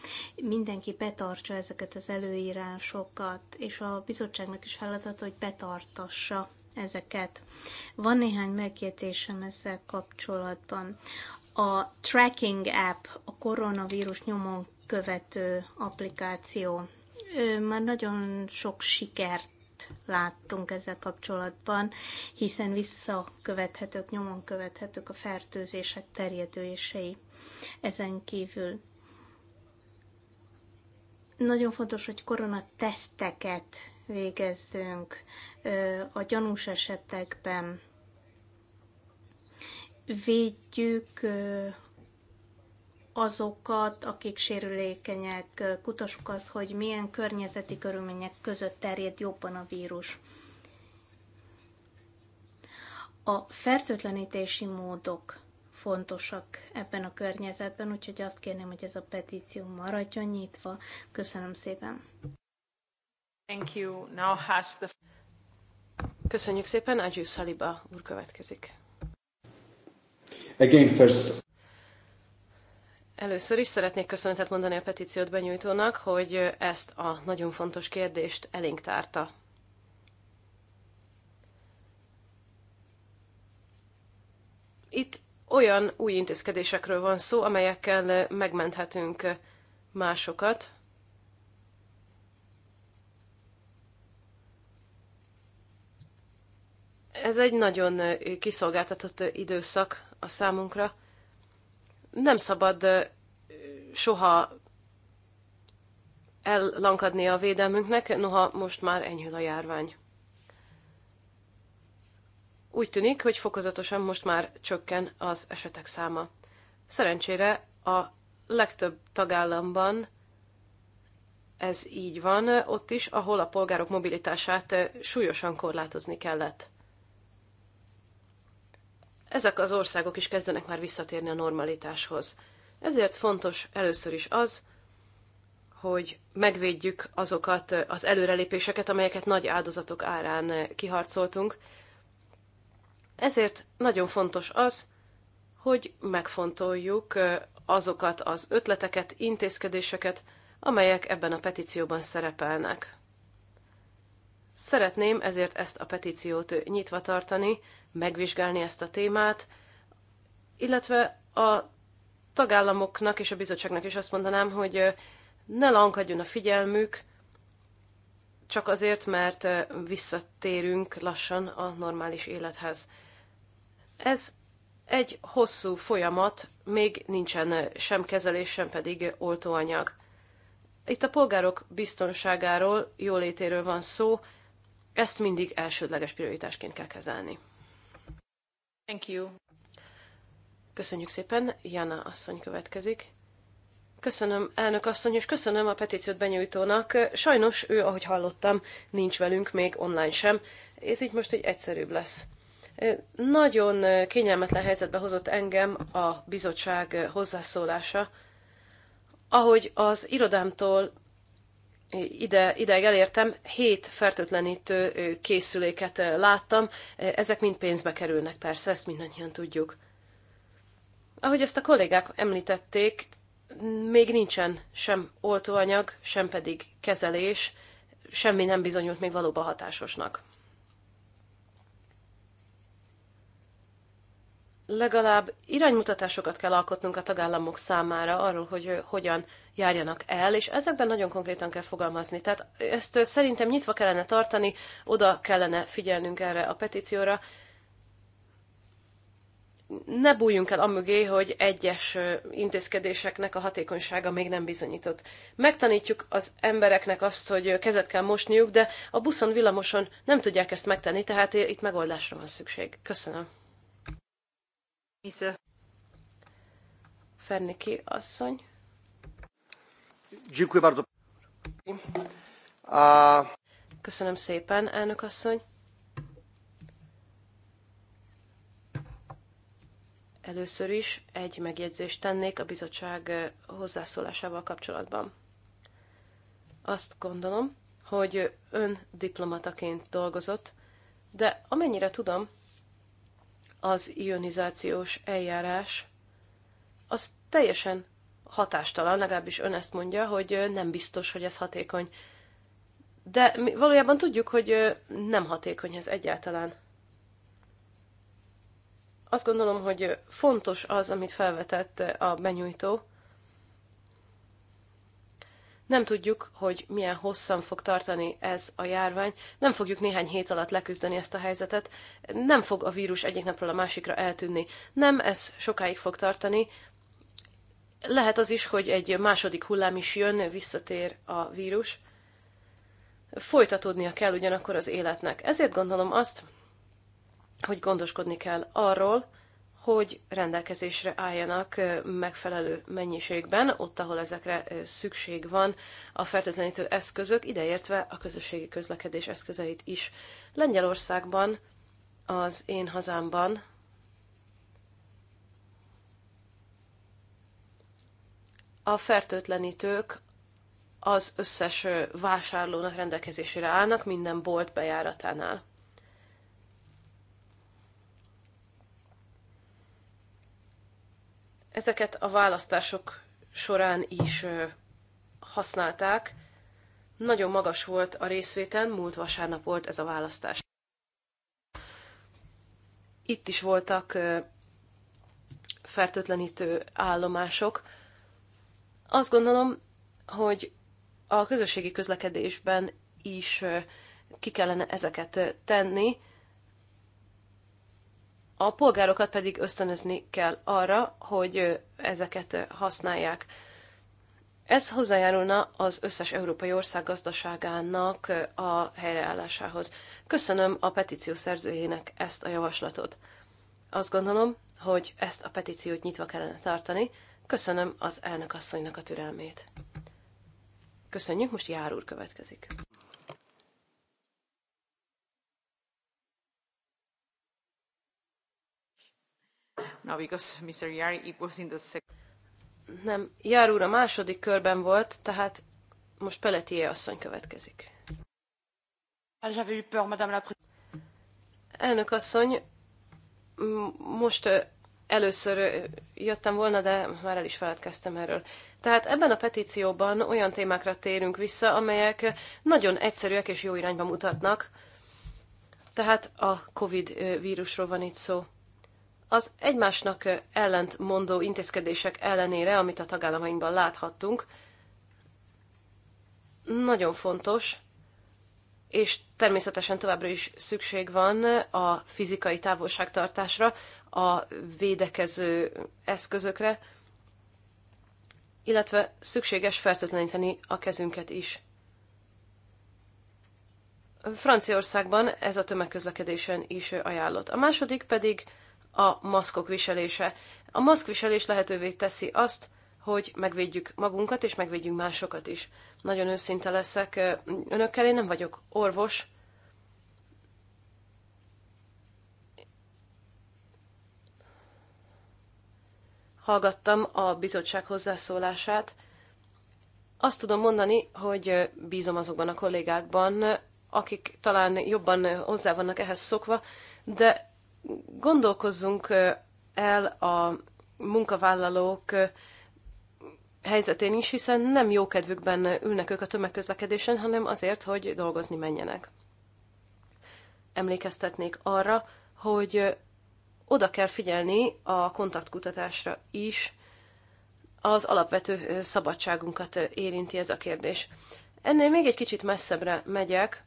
mindenki betartsa ezeket az előírásokat, és a bizottságnak is feladata, hogy betartassa ezeket. Van néhány megjegyzésem ezzel kapcsolatban. A tracking app, a koronavírus nyomon követő applikáció, ő már nagyon sok sikert láttunk ezzel kapcsolatban, hiszen visszakövethetők, nyomon követhetők a fertőzések terjedései. Ezen kívül nagyon fontos, hogy koronateszteket végezzünk a gyanús esetekben. Védjük azokat, akik sérülékenyek, kutassuk azt, hogy milyen környezeti körülmények között terjed jobban a vírus. A fertőtlenítési módok fontosak ebben a környezetben, úgyhogy azt kérném, hogy ez a petíció maradjon nyitva. Köszönöm szépen. Thank you. Now has the... Köszönjük szépen, Ágyú Saliba úr következik. Again first. Először is szeretnék köszönetet mondani a petíciót benyújtónak, hogy ezt a nagyon fontos kérdést elénk tárta. Itt olyan új intézkedésekről van szó, amelyekkel megmenthetünk másokat, Ez egy nagyon kiszolgáltatott időszak a számunkra. Nem szabad soha ellankadni a védelmünknek, noha most már enyhül a járvány. Úgy tűnik, hogy fokozatosan most már csökken az esetek száma. Szerencsére a legtöbb tagállamban ez így van, ott is, ahol a polgárok mobilitását súlyosan korlátozni kellett ezek az országok is kezdenek már visszatérni a normalitáshoz. Ezért fontos először is az, hogy megvédjük azokat az előrelépéseket, amelyeket nagy áldozatok árán kiharcoltunk. Ezért nagyon fontos az, hogy megfontoljuk azokat az ötleteket, intézkedéseket, amelyek ebben a petícióban szerepelnek. Szeretném ezért ezt a petíciót nyitva tartani, megvizsgálni ezt a témát, illetve a tagállamoknak és a bizottságnak is azt mondanám, hogy ne lankadjon a figyelmük, csak azért, mert visszatérünk lassan a normális élethez. Ez egy hosszú folyamat, még nincsen sem kezelés, sem pedig oltóanyag. Itt a polgárok biztonságáról, jólétéről van szó, ezt mindig elsődleges prioritásként kell kezelni. Thank you. Köszönjük szépen. Jana asszony következik. Köszönöm, elnök asszony, és köszönöm a petíciót benyújtónak. Sajnos ő, ahogy hallottam, nincs velünk még online sem. Ez így most egy egyszerűbb lesz. Nagyon kényelmetlen helyzetbe hozott engem a bizottság hozzászólása. Ahogy az irodámtól ide, ideig elértem, hét fertőtlenítő készüléket láttam, ezek mind pénzbe kerülnek persze, ezt mindannyian tudjuk. Ahogy ezt a kollégák említették, még nincsen sem oltóanyag, sem pedig kezelés, semmi nem bizonyult még valóban hatásosnak. Legalább iránymutatásokat kell alkotnunk a tagállamok számára arról, hogy hogyan járjanak el, és ezekben nagyon konkrétan kell fogalmazni. Tehát ezt szerintem nyitva kellene tartani, oda kellene figyelnünk erre a petícióra. Ne bújjunk el amögé, hogy egyes intézkedéseknek a hatékonysága még nem bizonyított. Megtanítjuk az embereknek azt, hogy kezet kell mosniuk, de a buszon, villamoson nem tudják ezt megtenni, tehát itt megoldásra van szükség. Köszönöm. Vissza. Ferniki asszony. Köszönöm szépen, elnök asszony. Először is egy megjegyzést tennék a bizottság hozzászólásával kapcsolatban. Azt gondolom, hogy ön diplomataként dolgozott, de amennyire tudom, az ionizációs eljárás az teljesen hatástalan, legalábbis ön ezt mondja, hogy nem biztos, hogy ez hatékony. De mi valójában tudjuk, hogy nem hatékony ez egyáltalán. Azt gondolom, hogy fontos az, amit felvetett a benyújtó. Nem tudjuk, hogy milyen hosszan fog tartani ez a járvány, nem fogjuk néhány hét alatt leküzdeni ezt a helyzetet, nem fog a vírus egyik napról a másikra eltűnni. Nem, ez sokáig fog tartani, lehet az is, hogy egy második hullám is jön, visszatér a vírus. Folytatódnia kell ugyanakkor az életnek. Ezért gondolom azt, hogy gondoskodni kell arról, hogy rendelkezésre álljanak megfelelő mennyiségben, ott, ahol ezekre szükség van, a fertőtlenítő eszközök, ideértve a közösségi közlekedés eszközeit is. Lengyelországban, az én hazámban a fertőtlenítők az összes vásárlónak rendelkezésére állnak minden bolt bejáratánál. Ezeket a választások során is használták. Nagyon magas volt a részvétel, múlt vasárnap volt ez a választás. Itt is voltak fertőtlenítő állomások, azt gondolom, hogy a közösségi közlekedésben is ki kellene ezeket tenni, a polgárokat pedig ösztönözni kell arra, hogy ezeket használják. Ez hozzájárulna az összes európai ország gazdaságának a helyreállásához. Köszönöm a petíció szerzőjének ezt a javaslatot. Azt gondolom, hogy ezt a petíciót nyitva kellene tartani, Köszönöm az elnök asszonynak a türelmét. Köszönjük, most Jár úr következik. No, because Mr. Jár, it was in the second... Nem, Jár úr a második körben volt, tehát most Peletié asszony következik. Ah, j'avais eu peur, madame la Elnök asszony, most először jöttem volna, de már el is feledkeztem erről. Tehát ebben a petícióban olyan témákra térünk vissza, amelyek nagyon egyszerűek és jó irányba mutatnak. Tehát a COVID vírusról van itt szó. Az egymásnak ellentmondó intézkedések ellenére, amit a tagállamainkban láthattunk, nagyon fontos, és természetesen továbbra is szükség van a fizikai távolságtartásra, a védekező eszközökre, illetve szükséges fertőtleníteni a kezünket is. Franciaországban ez a tömegközlekedésen is ajánlott. A második pedig a maszkok viselése. A maszkviselés lehetővé teszi azt, hogy megvédjük magunkat és megvédjük másokat is. Nagyon őszinte leszek önökkel, én nem vagyok orvos, hallgattam a bizottság hozzászólását. Azt tudom mondani, hogy bízom azokban a kollégákban, akik talán jobban hozzá vannak ehhez szokva, de gondolkozzunk el a munkavállalók helyzetén is, hiszen nem jó kedvükben ülnek ők a tömegközlekedésen, hanem azért, hogy dolgozni menjenek. Emlékeztetnék arra, hogy oda kell figyelni a kontaktkutatásra is, az alapvető szabadságunkat érinti ez a kérdés. Ennél még egy kicsit messzebbre megyek.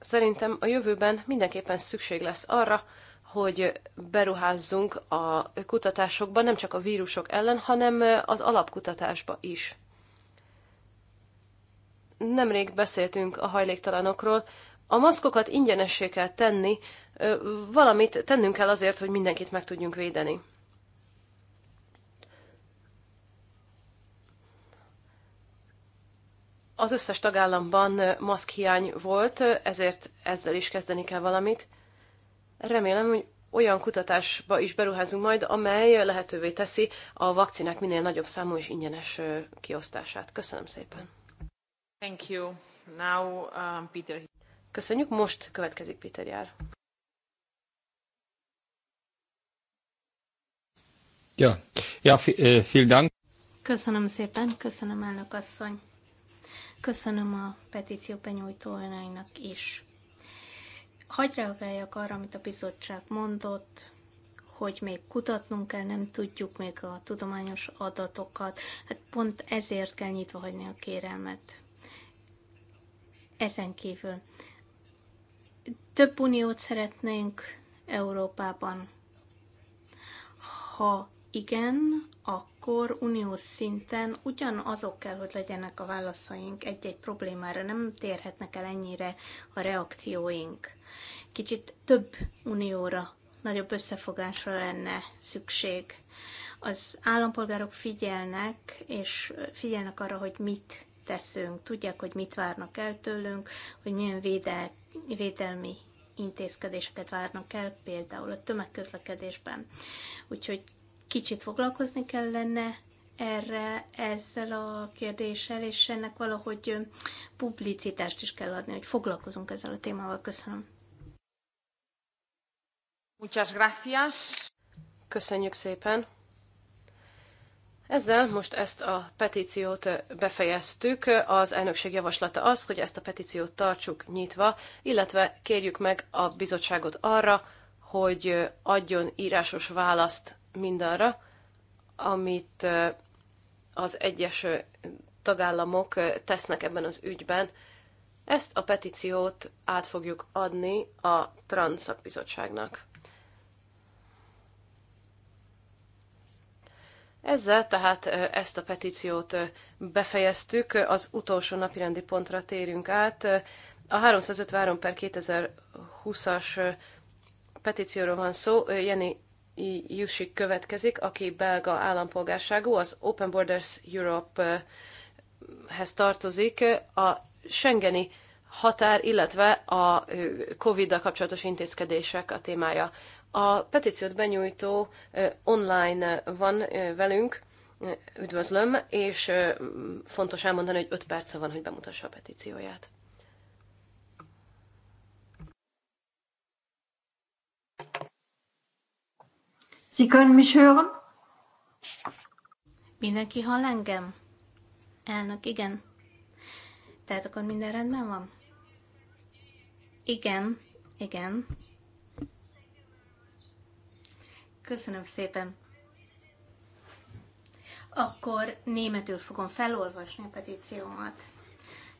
Szerintem a jövőben mindenképpen szükség lesz arra, hogy beruházzunk a kutatásokba, nem csak a vírusok ellen, hanem az alapkutatásba is. Nemrég beszéltünk a hajléktalanokról. A maszkokat ingyenessé kell tenni valamit tennünk kell azért, hogy mindenkit meg tudjunk védeni. Az összes tagállamban maszkhiány volt, ezért ezzel is kezdeni kell valamit. Remélem, hogy olyan kutatásba is beruházunk majd, amely lehetővé teszi a vakcinák minél nagyobb számú és ingyenes kiosztását. Köszönöm szépen. Thank you. Now, um, Peter. Köszönjük, most következik Peter Jár. Ja, ja, vielen Dank. Köszönöm szépen, köszönöm elnök asszony. Köszönöm a petíció benyújtóinak is. Hagy reagáljak arra, amit a bizottság mondott, hogy még kutatnunk kell, nem tudjuk még a tudományos adatokat. Hát pont ezért kell nyitva hagyni a kérelmet. Ezen kívül több uniót szeretnénk Európában. Ha igen, akkor uniós szinten ugyanazok kell, hogy legyenek a válaszaink egy-egy problémára. Nem térhetnek el ennyire a reakcióink. Kicsit több unióra, nagyobb összefogásra lenne szükség. Az állampolgárok figyelnek, és figyelnek arra, hogy mit teszünk, tudják, hogy mit várnak el tőlünk, hogy milyen védel, védelmi intézkedéseket várnak el, például a tömegközlekedésben. Úgyhogy Kicsit foglalkozni kellene erre, ezzel a kérdéssel, és ennek valahogy publicitást is kell adni, hogy foglalkozunk ezzel a témával. Köszönöm. Muchas gracias. Köszönjük szépen. Ezzel most ezt a petíciót befejeztük. Az elnökség javaslata az, hogy ezt a petíciót tartsuk nyitva, illetve kérjük meg a bizottságot arra, hogy adjon írásos választ mindarra, amit az egyes tagállamok tesznek ebben az ügyben. Ezt a petíciót át fogjuk adni a Transzakbizottságnak. Ezzel tehát ezt a petíciót befejeztük, az utolsó napirendi pontra térünk át. A 353 per 2020-as petícióról van szó, Jenny Jusik következik, aki belga állampolgárságú, az Open Borders Europe-hez tartozik, a Schengeni határ, illetve a COVID-dal kapcsolatos intézkedések a témája. A petíciót benyújtó online van velünk, üdvözlöm, és fontos elmondani, hogy 5 perce van, hogy bemutassa a petícióját. Sie können mich hören? Mindenki hall engem? Elnök, igen. Tehát akkor minden rendben van? Igen, igen. Köszönöm szépen. Akkor németül fogom felolvasni a petíciómat.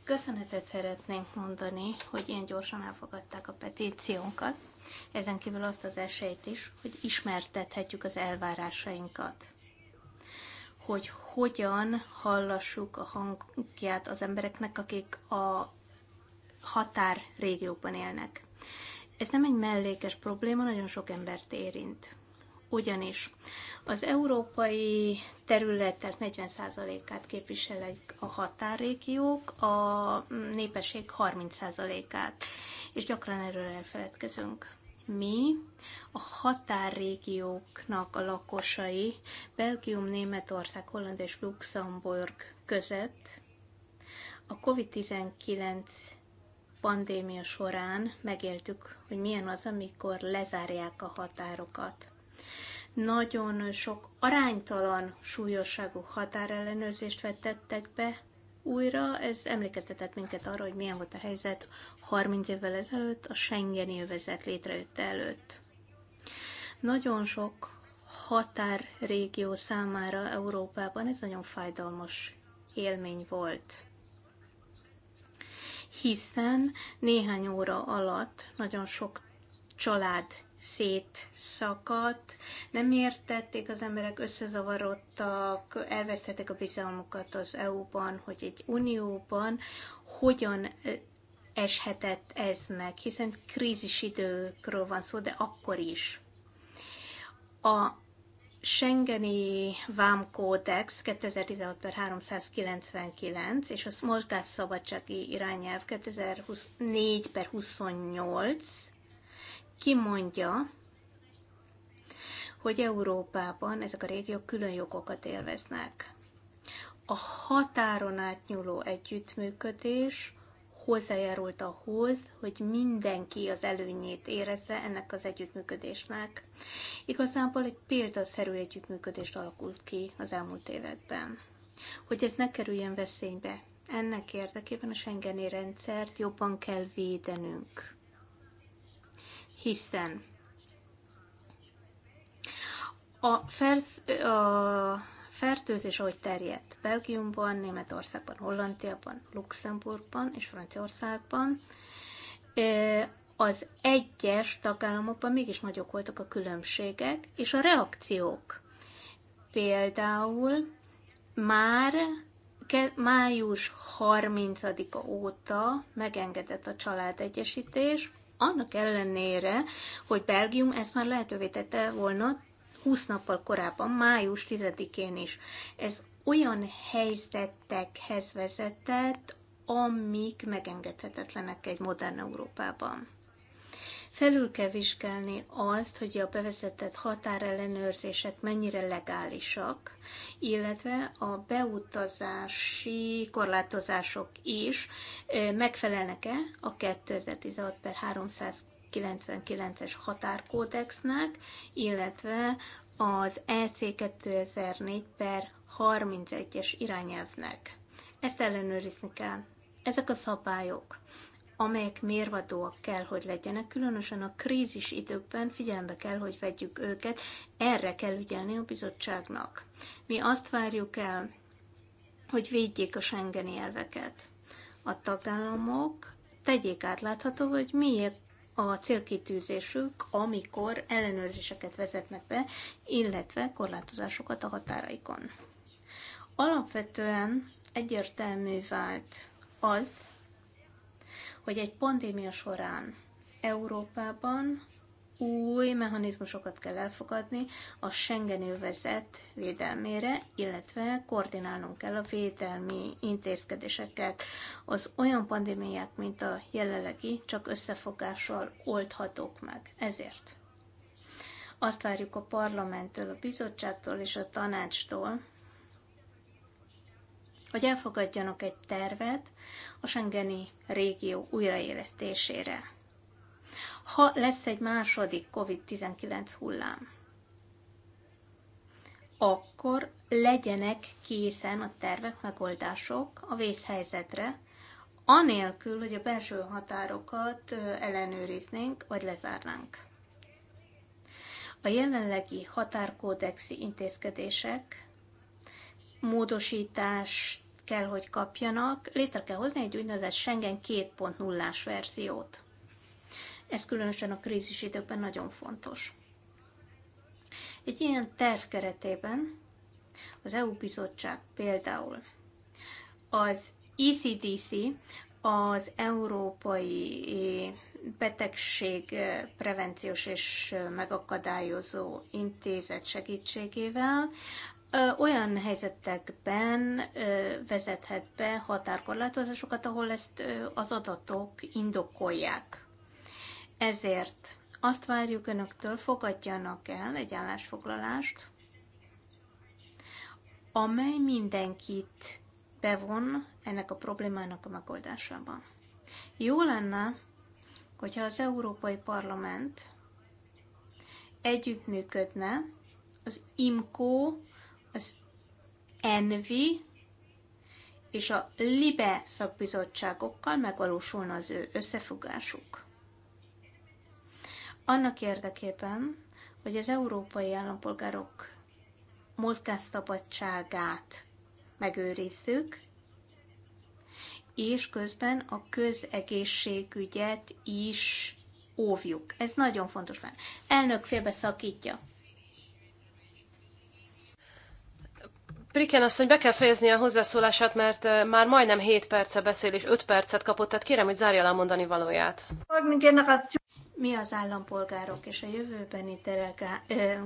Köszönetet szeretnénk mondani, hogy ilyen gyorsan elfogadták a petíciónkat. Ezen kívül azt az esélyt is, hogy ismertethetjük az elvárásainkat hogy hogyan hallassuk a hangját az embereknek, akik a határ régiókban élnek. Ez nem egy mellékes probléma, nagyon sok embert érint. Ugyanis az európai területek 40%-át képviselik a határrégiók, a népesség 30%-át és gyakran erről elfeledkezünk. Mi, a határrégióknak a lakosai, Belgium, Németország, Holland és Luxemburg között a COVID-19 pandémia során megéltük, hogy milyen az, amikor lezárják a határokat nagyon sok aránytalan súlyosságú határellenőrzést vetettek be, újra, ez emlékeztetett minket arra, hogy milyen volt a helyzet 30 évvel ezelőtt, a Schengen élvezet létrejött előtt. Nagyon sok határrégió számára Európában ez nagyon fájdalmas élmény volt hiszen néhány óra alatt nagyon sok család szakadt, nem értették, az emberek összezavarodtak, elvesztették a bizalmukat az EU-ban, hogy egy unióban hogyan eshetett ez meg, hiszen krízis időkről van szó, de akkor is. A Schengeni Vámkódex 2016 per 399 és a mozgásszabadsági irányelv 2024 per 28 kimondja, hogy Európában ezek a régiók külön jogokat élveznek. A határon átnyúló együttműködés hozzájárult ahhoz, hogy mindenki az előnyét érezze ennek az együttműködésnek. Igazából egy példaszerű együttműködést alakult ki az elmúlt években. Hogy ez ne kerüljön veszélybe, ennek érdekében a Schengeni rendszert jobban kell védenünk hiszen a, fersz, a fertőzés, ahogy terjedt Belgiumban, Németországban, Hollandiában, Luxemburgban és Franciaországban, az egyes tagállamokban mégis nagyok voltak a különbségek és a reakciók. Például már május 30-a óta megengedett a családegyesítés, annak ellenére, hogy Belgium ezt már lehetővé tette volna 20 nappal korábban, május 10-én is. Ez olyan helyzetekhez vezetett, amik megengedhetetlenek egy modern Európában. Felül kell vizsgálni azt, hogy a bevezetett határellenőrzések mennyire legálisak, illetve a beutazási korlátozások is megfelelnek-e a 2016 per 399-es határkódexnek, illetve az EC 2004 per 31-es irányelvnek. Ezt ellenőrizni kell. Ezek a szabályok amelyek mérvadóak kell, hogy legyenek, különösen a krízis időkben figyelembe kell, hogy vegyük őket, erre kell ügyelni a bizottságnak. Mi azt várjuk el, hogy védjék a Schengeni elveket. A tagállamok tegyék átlátható, hogy miért a célkitűzésük, amikor ellenőrzéseket vezetnek be, illetve korlátozásokat a határaikon. Alapvetően egyértelmű vált az, hogy egy pandémia során Európában új mechanizmusokat kell elfogadni a Schengen övezet védelmére, illetve koordinálnunk kell a védelmi intézkedéseket. Az olyan pandémiák, mint a jelenlegi, csak összefogással oldhatók meg. Ezért azt várjuk a parlamenttől, a bizottságtól és a tanácstól, hogy elfogadjanak egy tervet a Schengeni régió újraélesztésére. Ha lesz egy második COVID-19 hullám, akkor legyenek készen a tervek, megoldások a vészhelyzetre, anélkül, hogy a belső határokat ellenőriznénk vagy lezárnánk. A jelenlegi határkódexi intézkedések módosítást kell, hogy kapjanak, létre kell hozni egy úgynevezett Schengen 2.0-ás verziót. Ez különösen a krízis időkben nagyon fontos. Egy ilyen terv keretében az EU bizottság például az ECDC, az Európai Betegség Prevenciós és Megakadályozó Intézet segítségével olyan helyzetekben vezethet be határkorlátozásokat, ahol ezt az adatok indokolják. Ezért azt várjuk önöktől, fogadjanak el egy állásfoglalást, amely mindenkit bevon ennek a problémának a megoldásában. Jó lenne, hogyha az Európai Parlament együttműködne az IMCO az ENVI és a LIBE szakbizottságokkal megvalósulna az ő összefogásuk. Annak érdekében, hogy az európai állampolgárok mozgásszabadságát megőrizzük, és közben a közegészségügyet is óvjuk. Ez nagyon fontos lenne. Elnök félbe szakítja. Priken asszony, be kell fejezni a hozzászólását, mert már majdnem 7 perce beszél, és 5 percet kapott, tehát kérem, hogy zárja le a mondani valóját. Mi az állampolgárok és a jövőbeni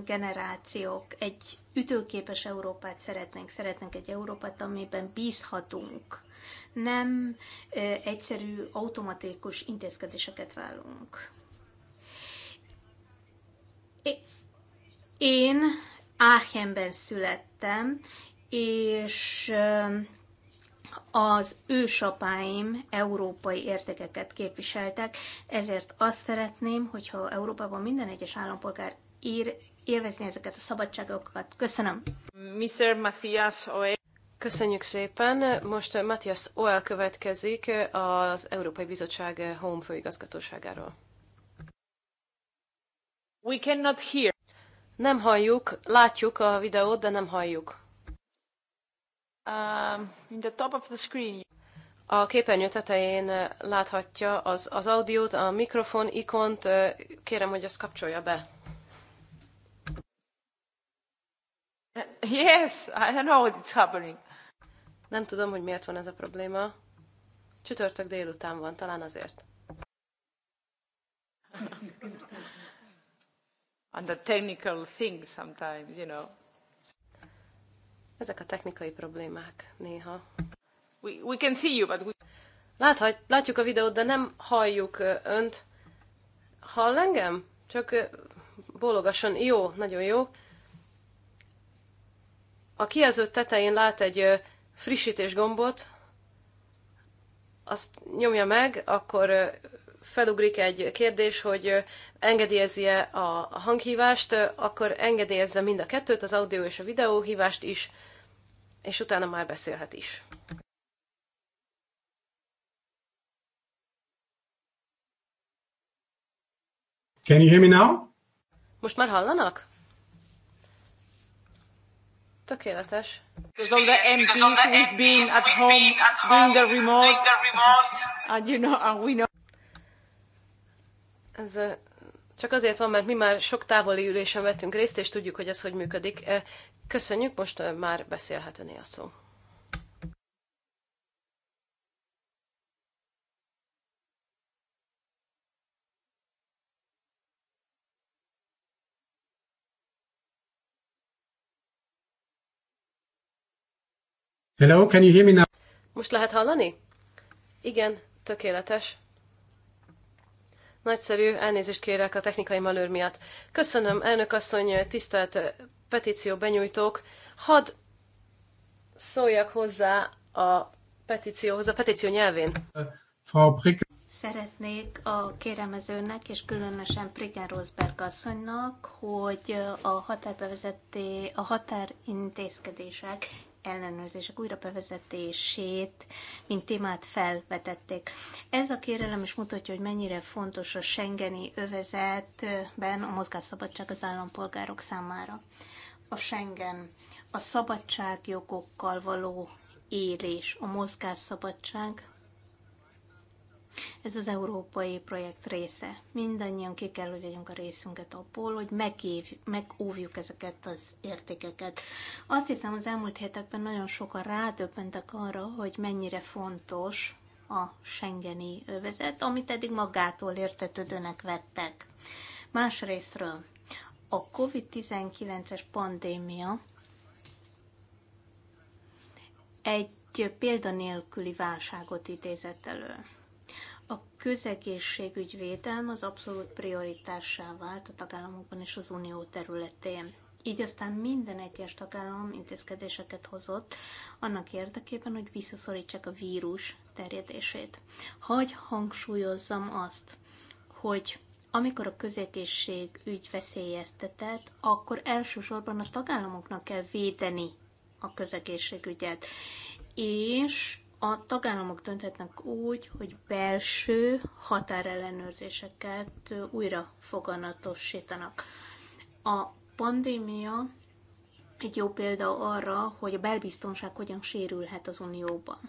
generációk egy ütőképes Európát szeretnénk, szeretnénk egy Európát, amiben bízhatunk. Nem egyszerű, automatikus intézkedéseket válunk. Én Áchenben születtem, és az ősapáim európai értékeket képviseltek, ezért azt szeretném, hogyha Európában minden egyes állampolgár ír, élvezni ezeket a szabadságokat. Köszönöm. Mr. Matthias Oel. Köszönjük szépen. Most Matthias Oel következik az Európai Bizottság Home főigazgatóságáról. We cannot hear. Nem halljuk, látjuk a videót, de nem halljuk. Um, in the top of the screen. A képernyő tetején láthatja az, az audiót, a mikrofon ikont. Kérem, hogy azt kapcsolja be. Yes, I don't know what it's happening. Nem tudom, hogy miért van ez a probléma. Csütörtök délután van, talán azért. And the technical thing sometimes, you know. Ezek a technikai problémák néha. We, we can see you, but we... Láthat, látjuk a videót, de nem halljuk önt. Hall engem? Csak bólogasson. Jó, nagyon jó. A kijelző tetején lát egy frissítés gombot, azt nyomja meg, akkor felugrik egy kérdés, hogy engedélyezi-e a hanghívást, akkor engedélyezze mind a kettőt, az audio és a videó hívást is és utána már beszélhet is. Can you hear me now? Most már hallanak? Tökéletes. Because all the MPs we've been at home doing the remote, and you know, and we know. Ez csak azért van, mert mi már sok távoli ülésen vettünk részt, és tudjuk, hogy ez hogy működik. Köszönjük, most már beszélhet öné a szó. Hello, can you hear me now? Most lehet hallani? Igen, tökéletes. Nagyszerű, elnézést kérek a technikai malőr miatt. Köszönöm, elnök asszony, tisztelt petíció benyújtók. Hadd szóljak hozzá a petícióhoz, a petíció nyelvén. Frau Szeretnék a kéremezőnek és különösen Prigen Rosberg asszonynak, hogy a határbevezeté, a határintézkedések ellenőrzések újra bevezetését, mint témát felvetették. Ez a kérelem is mutatja, hogy mennyire fontos a Schengeni övezetben a mozgásszabadság az állampolgárok számára. A Schengen a szabadságjogokkal való élés, a mozgásszabadság ez az európai projekt része. Mindannyian ki kell, hogy vegyünk a részünket abból, hogy megév, megóvjuk ezeket az értékeket. Azt hiszem, az elmúlt hétekben nagyon sokan rádöbbentek arra, hogy mennyire fontos a Schengeni övezet, amit eddig magától értetődőnek vettek. Másrésztről a COVID-19-es pandémia egy példanélküli válságot idézett elő. A közegészségügy védelme az abszolút prioritássá vált a tagállamokban és az unió területén. Így aztán minden egyes tagállam intézkedéseket hozott annak érdekében, hogy visszaszorítsák a vírus terjedését. Hagy hangsúlyozzam azt, hogy amikor a közegészség ügy veszélyeztetett, akkor elsősorban a tagállamoknak kell védeni a közegészségügyet, és a tagállamok dönthetnek úgy, hogy belső határellenőrzéseket újra foganatosítanak. A pandémia egy jó példa arra, hogy a belbiztonság hogyan sérülhet az Unióban.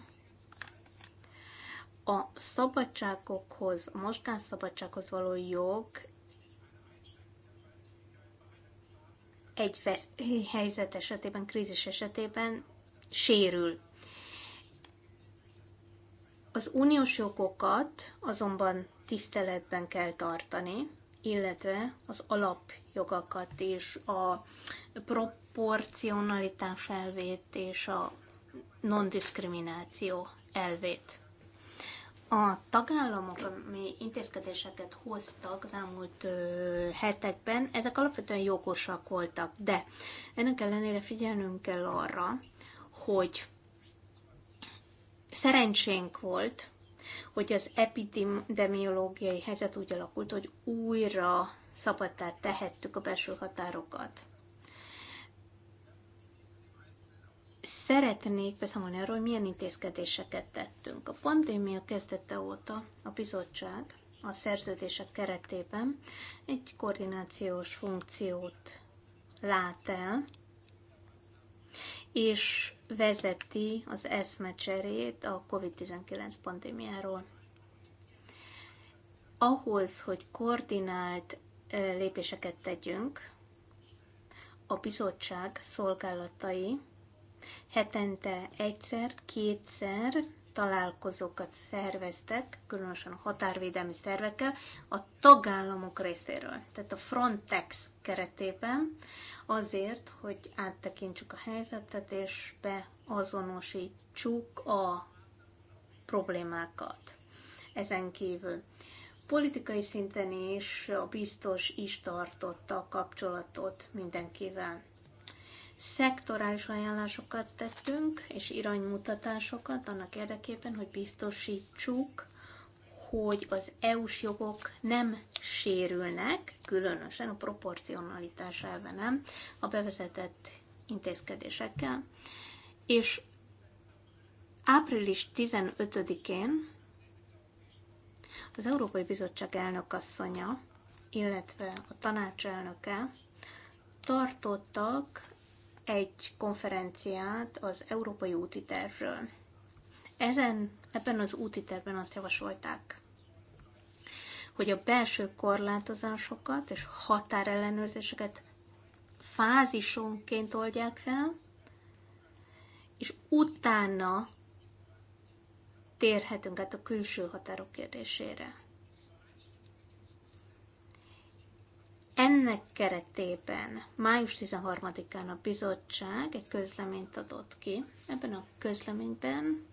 A szabadságokhoz, a mozgásszabadsághoz való jog egy helyzet esetében, krízis esetében sérül az uniós jogokat azonban tiszteletben kell tartani, illetve az alapjogokat és a proporcionalitán felvét és a non-diszkrimináció elvét. A tagállamok, ami intézkedéseket hoztak az elmúlt hetekben, ezek alapvetően jogosak voltak, de ennek ellenére figyelnünk kell arra, hogy szerencsénk volt, hogy az epidemiológiai helyzet úgy alakult, hogy újra szabadtá tehettük a belső határokat. Szeretnék beszámolni arról, hogy milyen intézkedéseket tettünk. A pandémia kezdete óta a bizottság a szerződések keretében egy koordinációs funkciót lát el, és vezeti az eszmecserét a COVID-19 pandémiáról. Ahhoz, hogy koordinált lépéseket tegyünk, a bizottság szolgálatai hetente egyszer, kétszer találkozókat szerveztek, különösen a határvédelmi szervekkel, a tagállamok részéről, tehát a Frontex keretében, azért, hogy áttekintsük a helyzetet, és beazonosítsuk a problémákat. Ezen kívül politikai szinten is a biztos is tartotta a kapcsolatot mindenkivel. Szektorális ajánlásokat tettünk, és iránymutatásokat annak érdekében, hogy biztosítsuk, hogy az EU-s jogok nem sérülnek, különösen a proporcionalitás elve nem, a bevezetett intézkedésekkel, és április 15-én az Európai Bizottság elnökasszonya, illetve a tanács elnöke tartottak egy konferenciát az Európai Úti Tervről. Ezen, ebben az úti tervben azt javasolták, hogy a belső korlátozásokat és határellenőrzéseket fázisonként oldják fel, és utána térhetünk át a külső határok kérdésére. Ennek keretében május 13-án a bizottság egy közleményt adott ki. Ebben a közleményben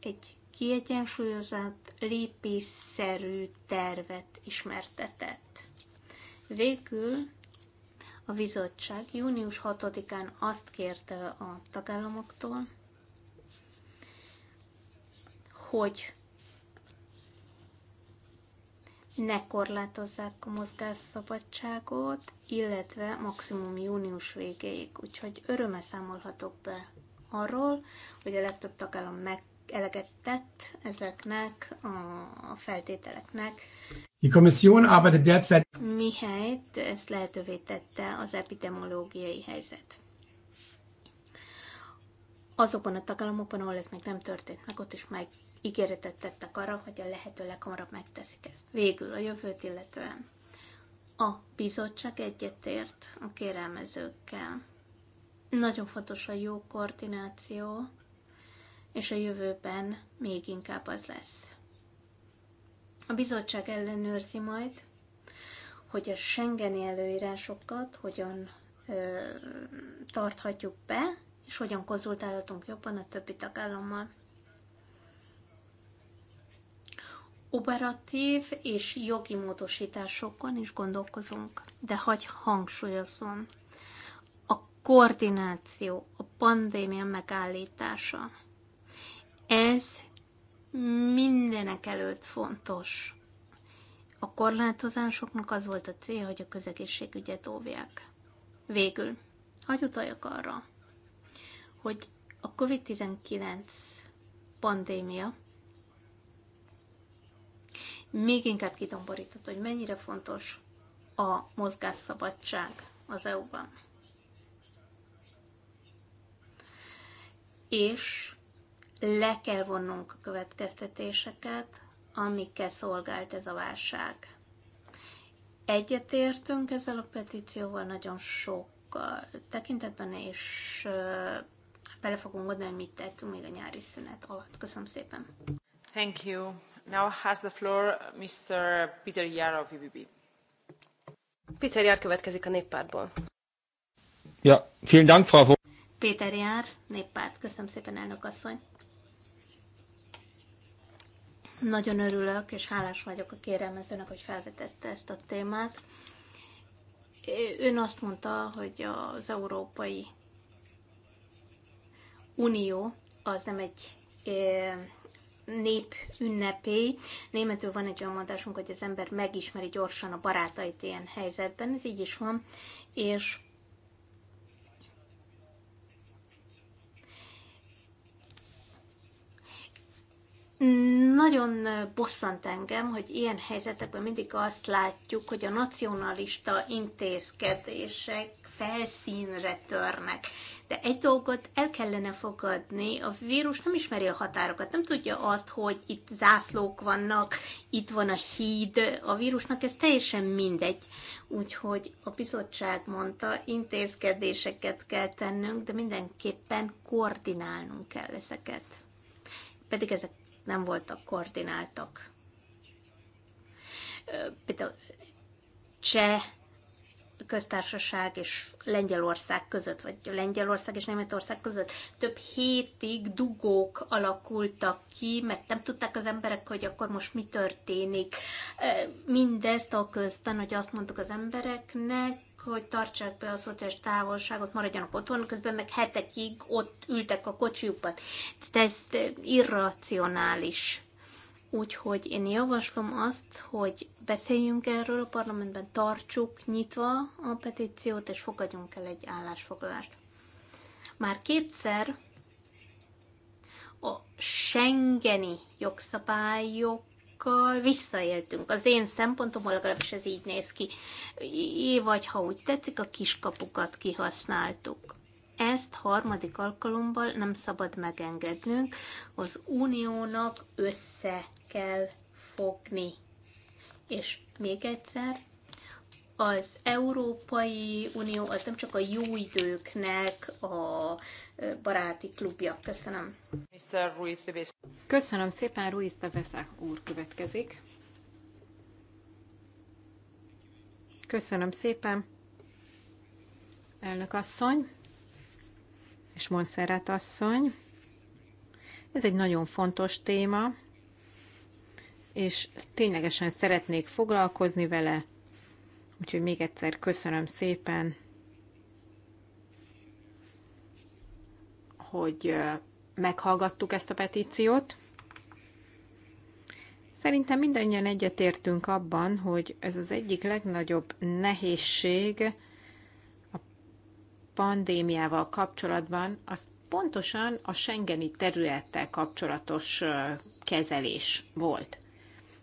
egy kiegyensúlyozott, lépésszerű tervet ismertetett. Végül a bizottság június 6-án azt kérte a tagállamoktól, hogy ne korlátozzák a mozgásszabadságot, illetve maximum június végéig. Úgyhogy örömmel számolhatok be arról, hogy a legtöbb tagállam meg eleget tett ezeknek a feltételeknek. Die Kommission arbeitet derzeit. Mihelyt ezt lehetővé tette az epidemiológiai helyzet. Azokban a tagállamokban, ahol ez még nem történt meg, ott is meg ígéretet tettek arra, hogy a lehető leghamarabb megteszik ezt. Végül a jövőt illetően a bizottság egyetért a kérelmezőkkel. Nagyon fontos a jó koordináció, és a jövőben még inkább az lesz. A bizottság ellenőrzi majd, hogy a Schengeni előírásokat hogyan ö, tarthatjuk be, és hogyan konzultálhatunk jobban a többi tagállammal. Operatív és jogi módosításokon is gondolkozunk, de hagy hangsúlyozom, a koordináció, a pandémia megállítása, ez mindenek előtt fontos. A korlátozásoknak az volt a cél, hogy a közegészségügyet óvják. Végül, hagy utaljak arra, hogy a COVID-19 pandémia még inkább kitomborított, hogy mennyire fontos a mozgásszabadság az EU-ban. És le kell vonnunk a következtetéseket, amikkel szolgált ez a válság. Egyetértünk ezzel a petícióval nagyon sok tekintetben, és bele fogunk gondolni, hogy mit tettünk még a nyári szünet alatt. Köszönöm szépen. Thank you. Now has the floor Mr. Peter Jár of UBB. Peter Jár következik a néppártból. Ja, vielen Dank, Frau Péter Jár, néppárt. Köszönöm szépen, elnök asszony. Nagyon örülök, és hálás vagyok a kérelmezőnek, hogy felvetette ezt a témát. Ön azt mondta, hogy az Európai Unió az nem egy e, nép ünnepély. Németül van egy olyan mondásunk, hogy az ember megismeri gyorsan a barátait ilyen helyzetben, ez így is van, és Nagyon bosszant engem, hogy ilyen helyzetekben mindig azt látjuk, hogy a nacionalista intézkedések felszínre törnek. De egy dolgot el kellene fogadni, a vírus nem ismeri a határokat, nem tudja azt, hogy itt zászlók vannak, itt van a híd, a vírusnak ez teljesen mindegy. Úgyhogy a bizottság mondta, intézkedéseket kell tennünk, de mindenképpen koordinálnunk kell ezeket. Pedig ezek nem voltak koordináltak. Például cseh köztársaság és Lengyelország között, vagy Lengyelország és Németország között több hétig dugók alakultak ki, mert nem tudták az emberek, hogy akkor most mi történik. Mindezt a közben, hogy azt mondtuk az embereknek, hogy tartsák be a szociális távolságot, maradjanak otthon, közben meg hetekig ott ültek a kocsiukban. Tehát ez irracionális Úgyhogy én javaslom azt, hogy beszéljünk erről a parlamentben, tartsuk nyitva a petíciót, és fogadjunk el egy állásfoglalást. Már kétszer a Schengeni jogszabályokkal visszaéltünk. Az én szempontomból legalábbis ez így néz ki. É, vagy ha úgy tetszik, a kiskapukat kihasználtuk. Ezt harmadik alkalommal nem szabad megengednünk. Az uniónak össze kell fogni. És még egyszer, az Európai Unió az nem csak a jó időknek a baráti klubja. Köszönöm. Mr. Ruiz Köszönöm szépen, Ruiz de úr következik. Köszönöm szépen, elnök asszony és Monserrat asszony. Ez egy nagyon fontos téma, és ténylegesen szeretnék foglalkozni vele, úgyhogy még egyszer köszönöm szépen, hogy meghallgattuk ezt a petíciót. Szerintem mindannyian egyetértünk abban, hogy ez az egyik legnagyobb nehézség a pandémiával kapcsolatban, az pontosan a Schengeni területtel kapcsolatos kezelés volt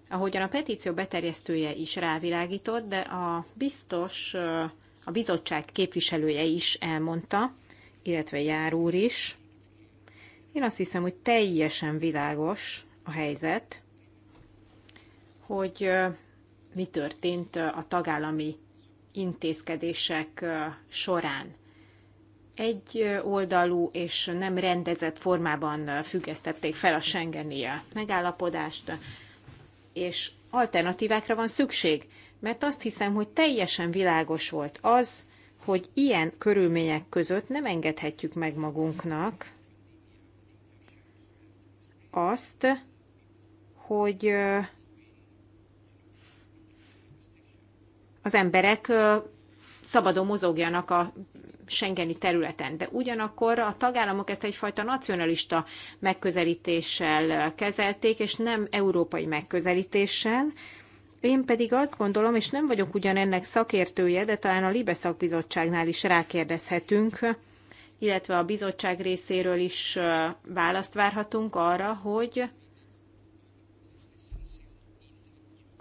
ahogyan a petíció beterjesztője is rávilágított, de a biztos, a bizottság képviselője is elmondta, illetve Jár úr is. Én azt hiszem, hogy teljesen világos a helyzet, hogy mi történt a tagállami intézkedések során. Egy oldalú és nem rendezett formában függesztették fel a Schengeni megállapodást, és alternatívákra van szükség, mert azt hiszem, hogy teljesen világos volt az, hogy ilyen körülmények között nem engedhetjük meg magunknak azt, hogy az emberek szabadon mozogjanak a Schengeni területen, de ugyanakkor a tagállamok ezt egyfajta nacionalista megközelítéssel kezelték, és nem európai megközelítéssel. Én pedig azt gondolom, és nem vagyok ugyan ennek szakértője, de talán a Libe szakbizottságnál is rákérdezhetünk, illetve a bizottság részéről is választ várhatunk arra, hogy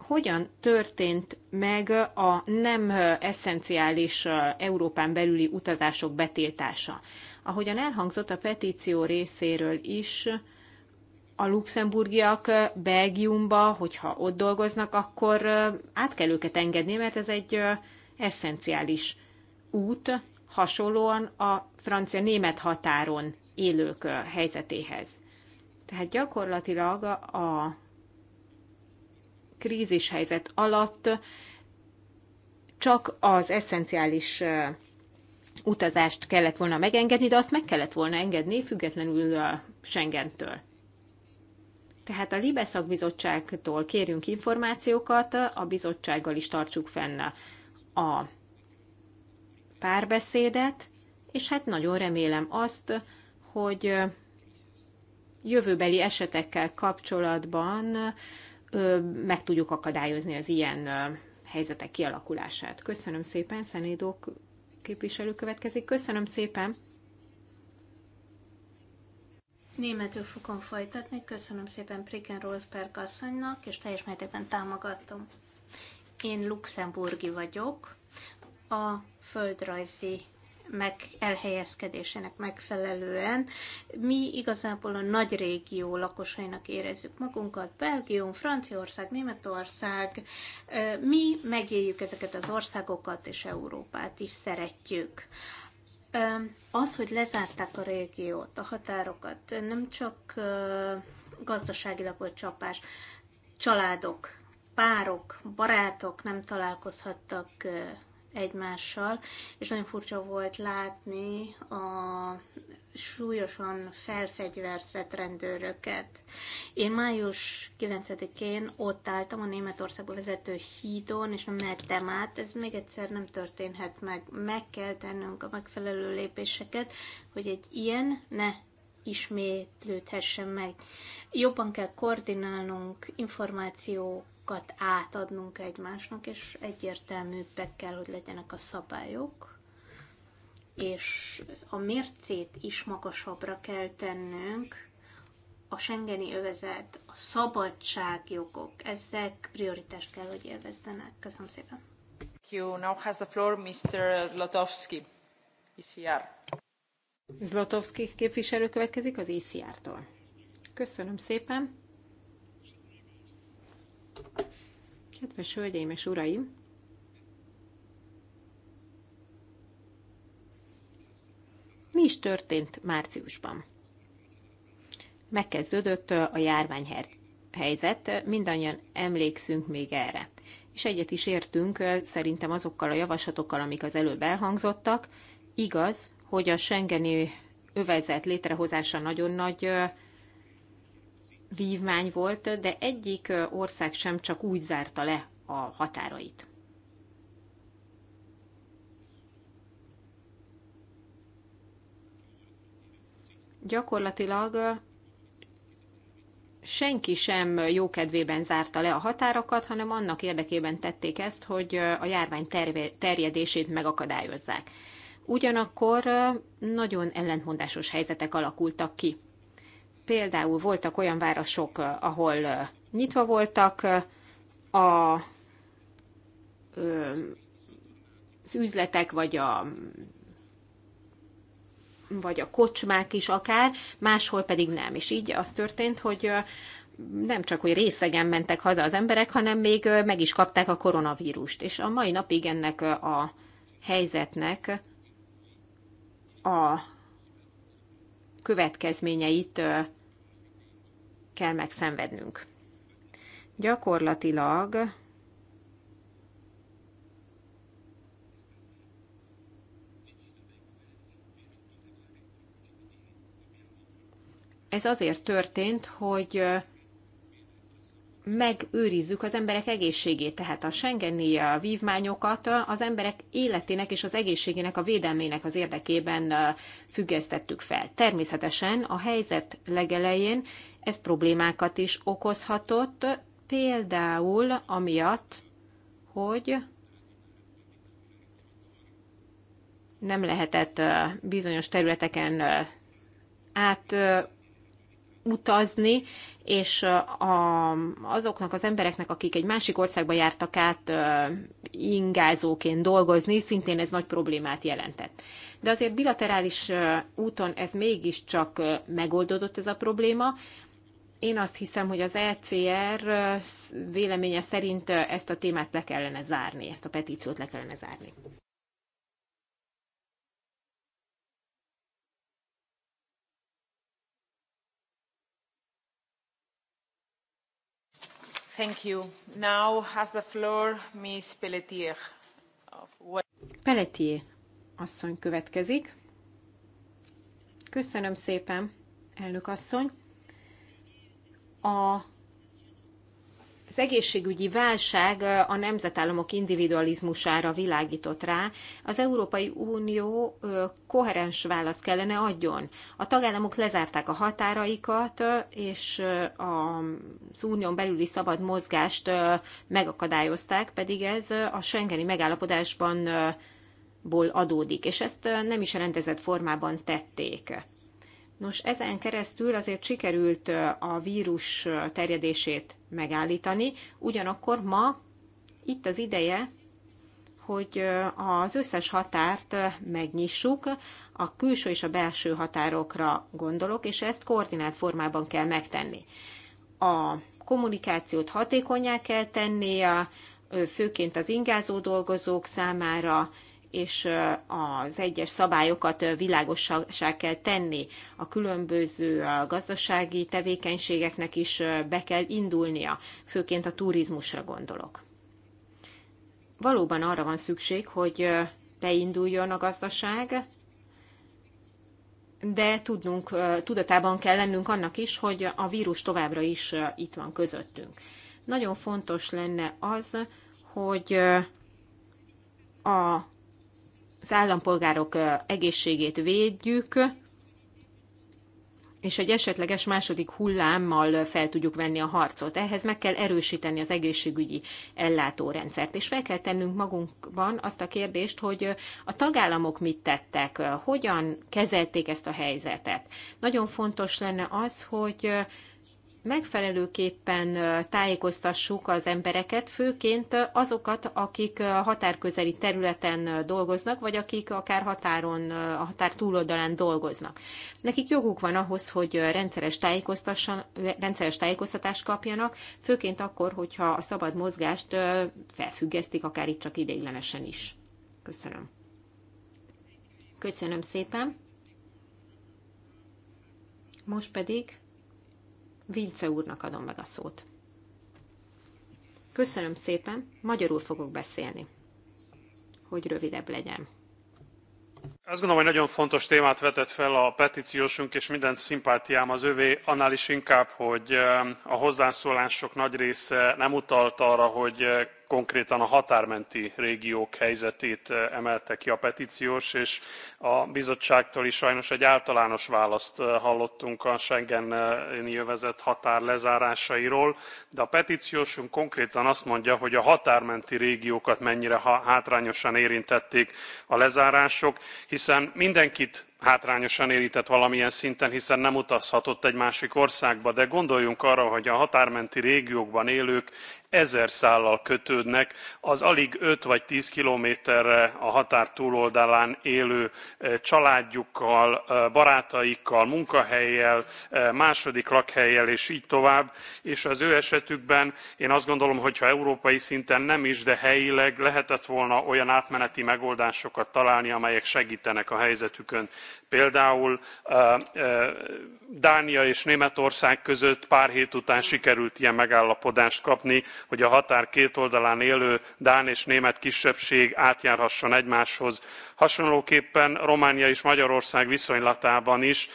hogyan történt meg a nem eszenciális Európán belüli utazások betiltása. Ahogyan elhangzott a petíció részéről is, a luxemburgiak Belgiumba, hogyha ott dolgoznak, akkor át kell őket engedni, mert ez egy eszenciális út, hasonlóan a francia-német határon élők helyzetéhez. Tehát gyakorlatilag a krízis helyzet alatt csak az eszenciális utazást kellett volna megengedni, de azt meg kellett volna engedni függetlenül a Schengentől. Tehát a Libe szakbizottságtól kérjünk információkat, a bizottsággal is tartsuk fenn a párbeszédet, és hát nagyon remélem azt, hogy jövőbeli esetekkel kapcsolatban meg tudjuk akadályozni az ilyen helyzetek kialakulását. Köszönöm szépen, Szenédók képviselő következik. Köszönöm szépen! Németül fogom folytatni. Köszönöm szépen Priken Rosberg asszonynak, és teljes mértékben támogatom. Én luxemburgi vagyok, a földrajzi meg elhelyezkedésének megfelelően mi igazából a nagy régió lakosainak érezzük magunkat, Belgium, Franciaország, Németország, mi megéljük ezeket az országokat és Európát is szeretjük az, hogy lezárták a régiót, a határokat, nem csak gazdaságilag volt csapás, családok, párok, barátok nem találkozhattak egymással, és nagyon furcsa volt látni a súlyosan felfegyverzett rendőröket. Én május 9-én ott álltam a Németországba vezető hídon, és nem mehettem át. Ez még egyszer nem történhet meg. Meg kell tennünk a megfelelő lépéseket, hogy egy ilyen ne ismétlődhessen meg. Jobban kell koordinálnunk információk dolgokat átadnunk egymásnak, és egyértelműbbek kell, hogy legyenek a szabályok, és a mércét is magasabbra kell tennünk, a Schengeni övezet, a szabadságjogok, ezek prioritást kell, hogy élvezdenek. Köszönöm szépen. Thank you. Now has the floor Mr. Zlotowski ICR. E Zlotowski képviselő következik az ICR-tól. E Köszönöm szépen. Kedves hölgyeim és uraim! Mi is történt márciusban? Megkezdődött a járványhelyzet, mindannyian emlékszünk még erre. És egyet is értünk szerintem azokkal a javaslatokkal, amik az előbb elhangzottak. Igaz, hogy a Schengeni övezet létrehozása nagyon nagy vívmány volt, de egyik ország sem csak úgy zárta le a határait. Gyakorlatilag senki sem jókedvében zárta le a határokat, hanem annak érdekében tették ezt, hogy a járvány terjedését megakadályozzák. Ugyanakkor nagyon ellentmondásos helyzetek alakultak ki. Például voltak olyan városok, eh, ahol eh, nyitva voltak eh, a, az üzletek, vagy a vagy a kocsmák is akár, máshol pedig nem. És így az történt, hogy nem csak, hogy részegen mentek haza az emberek, hanem még meg is kapták a koronavírust. És a mai napig ennek a helyzetnek a következményeit kell megszenvednünk. Gyakorlatilag ez azért történt, hogy megőrizzük az emberek egészségét, tehát a Schengeni vívmányokat az emberek életének és az egészségének, a védelmének az érdekében függesztettük fel. Természetesen a helyzet legelején ez problémákat is okozhatott, például amiatt, hogy nem lehetett bizonyos területeken át utazni, és a, azoknak az embereknek, akik egy másik országba jártak át ingázóként dolgozni, szintén ez nagy problémát jelentett. De azért bilaterális úton ez mégiscsak megoldódott ez a probléma. Én azt hiszem, hogy az ECR véleménye szerint ezt a témát le kellene zárni, ezt a petíciót le kellene zárni. Thank you. Now has the floor Miss Pelletier. Pelletier asszony következik. Köszönöm szépen, elnök asszony a az egészségügyi válság a nemzetállamok individualizmusára világított rá. Az Európai Unió koherens választ kellene adjon. A tagállamok lezárták a határaikat, és az unión belüli szabad mozgást megakadályozták, pedig ez a Schengeni megállapodásban adódik, és ezt nem is rendezett formában tették. Nos, ezen keresztül azért sikerült a vírus terjedését megállítani, ugyanakkor ma itt az ideje, hogy az összes határt megnyissuk, a külső és a belső határokra gondolok, és ezt koordinált formában kell megtenni. A kommunikációt hatékonyá kell tennie, főként az ingázó dolgozók számára, és az egyes szabályokat világossá kell tenni. A különböző gazdasági tevékenységeknek is be kell indulnia, főként a turizmusra gondolok. Valóban arra van szükség, hogy beinduljon a gazdaság, de tudnunk, tudatában kell lennünk annak is, hogy a vírus továbbra is itt van közöttünk. Nagyon fontos lenne az, hogy a az állampolgárok egészségét védjük, és egy esetleges második hullámmal fel tudjuk venni a harcot. Ehhez meg kell erősíteni az egészségügyi ellátórendszert, és fel kell tennünk magunkban azt a kérdést, hogy a tagállamok mit tettek, hogyan kezelték ezt a helyzetet. Nagyon fontos lenne az, hogy megfelelőképpen tájékoztassuk az embereket, főként azokat, akik határközeli területen dolgoznak, vagy akik akár határon, a határ túloldalán dolgoznak. Nekik joguk van ahhoz, hogy rendszeres, rendszeres tájékoztatást kapjanak, főként akkor, hogyha a szabad mozgást felfüggesztik, akár itt csak ideiglenesen is. Köszönöm. Köszönöm szépen. Most pedig Vince úrnak adom meg a szót. Köszönöm szépen, magyarul fogok beszélni, hogy rövidebb legyen. Azt gondolom, hogy nagyon fontos témát vetett fel a petíciósunk, és minden szimpátiám az övé, annál is inkább, hogy a hozzászólások nagy része nem utalt arra, hogy konkrétan a határmenti régiók helyzetét eh, emelte ki a petíciós, és a bizottságtól is sajnos egy általános választ eh, hallottunk a Schengeni övezet határ lezárásairól, de a petíciósunk konkrétan azt mondja, hogy a határmenti régiókat mennyire hátrányosan érintették a lezárások, hiszen mindenkit hátrányosan érintett valamilyen szinten, hiszen nem utazhatott egy másik országba, de gondoljunk arra, hogy a határmenti régiókban élők ezer szállal kötődnek az alig 5 vagy 10 kilométerre a határ túloldalán élő eh, családjukkal, eh, barátaikkal, munkahelyjel, eh, második lakhelyjel és így tovább. És az ő esetükben én azt gondolom, hogy ha európai szinten nem is, de helyileg lehetett volna olyan átmeneti megoldásokat találni, amelyek segítenek a helyzetükön Például Dánia és Németország között pár hét után sikerült ilyen megállapodást kapni, hogy a határ két oldalán élő Dán és német kisebbség átjárhasson egymáshoz. Hasonlóképpen Románia és Magyarország viszonylatában is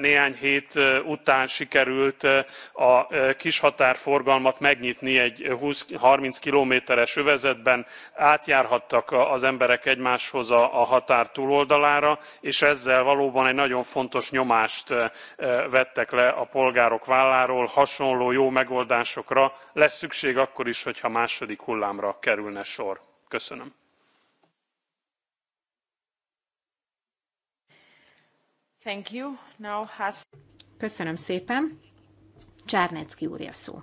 néhány hét után sikerült a kis határforgalmat megnyitni egy 20-30 kilométeres övezetben, átjárhattak az emberek egymáshoz a határ túloldalára, és ezzel valóban egy nagyon fontos nyomást eh, eh, vettek le a polgárok válláról, hasonló jó megoldásokra lesz szükség akkor is, hogyha második hullámra kerülne sor. Köszönöm. Thank you. Now has... Köszönöm szépen. Csárnecki úr a szó.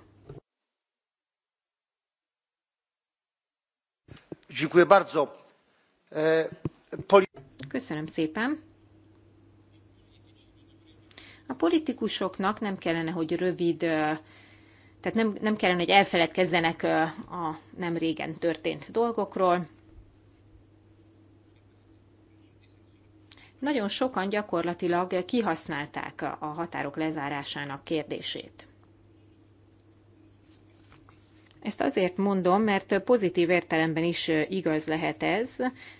E, Köszönöm szépen. A politikusoknak nem kellene, hogy rövid, tehát nem, nem kellene, hogy elfeledkezzenek a nem régen történt dolgokról. Nagyon sokan gyakorlatilag kihasználták a határok lezárásának kérdését. Ezt azért mondom, mert pozitív értelemben is igaz lehet ez,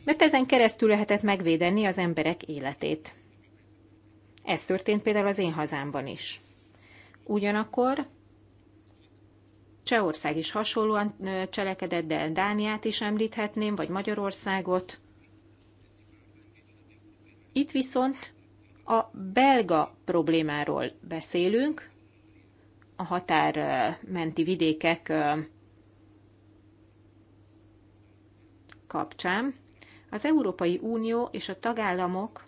mert ezen keresztül lehetett megvédeni az emberek életét. Ez történt például az én hazámban is. Ugyanakkor Csehország is hasonlóan cselekedett, de Dániát is említhetném, vagy Magyarországot. Itt viszont a belga problémáról beszélünk, a határmenti vidékek kapcsán. Az Európai Unió és a tagállamok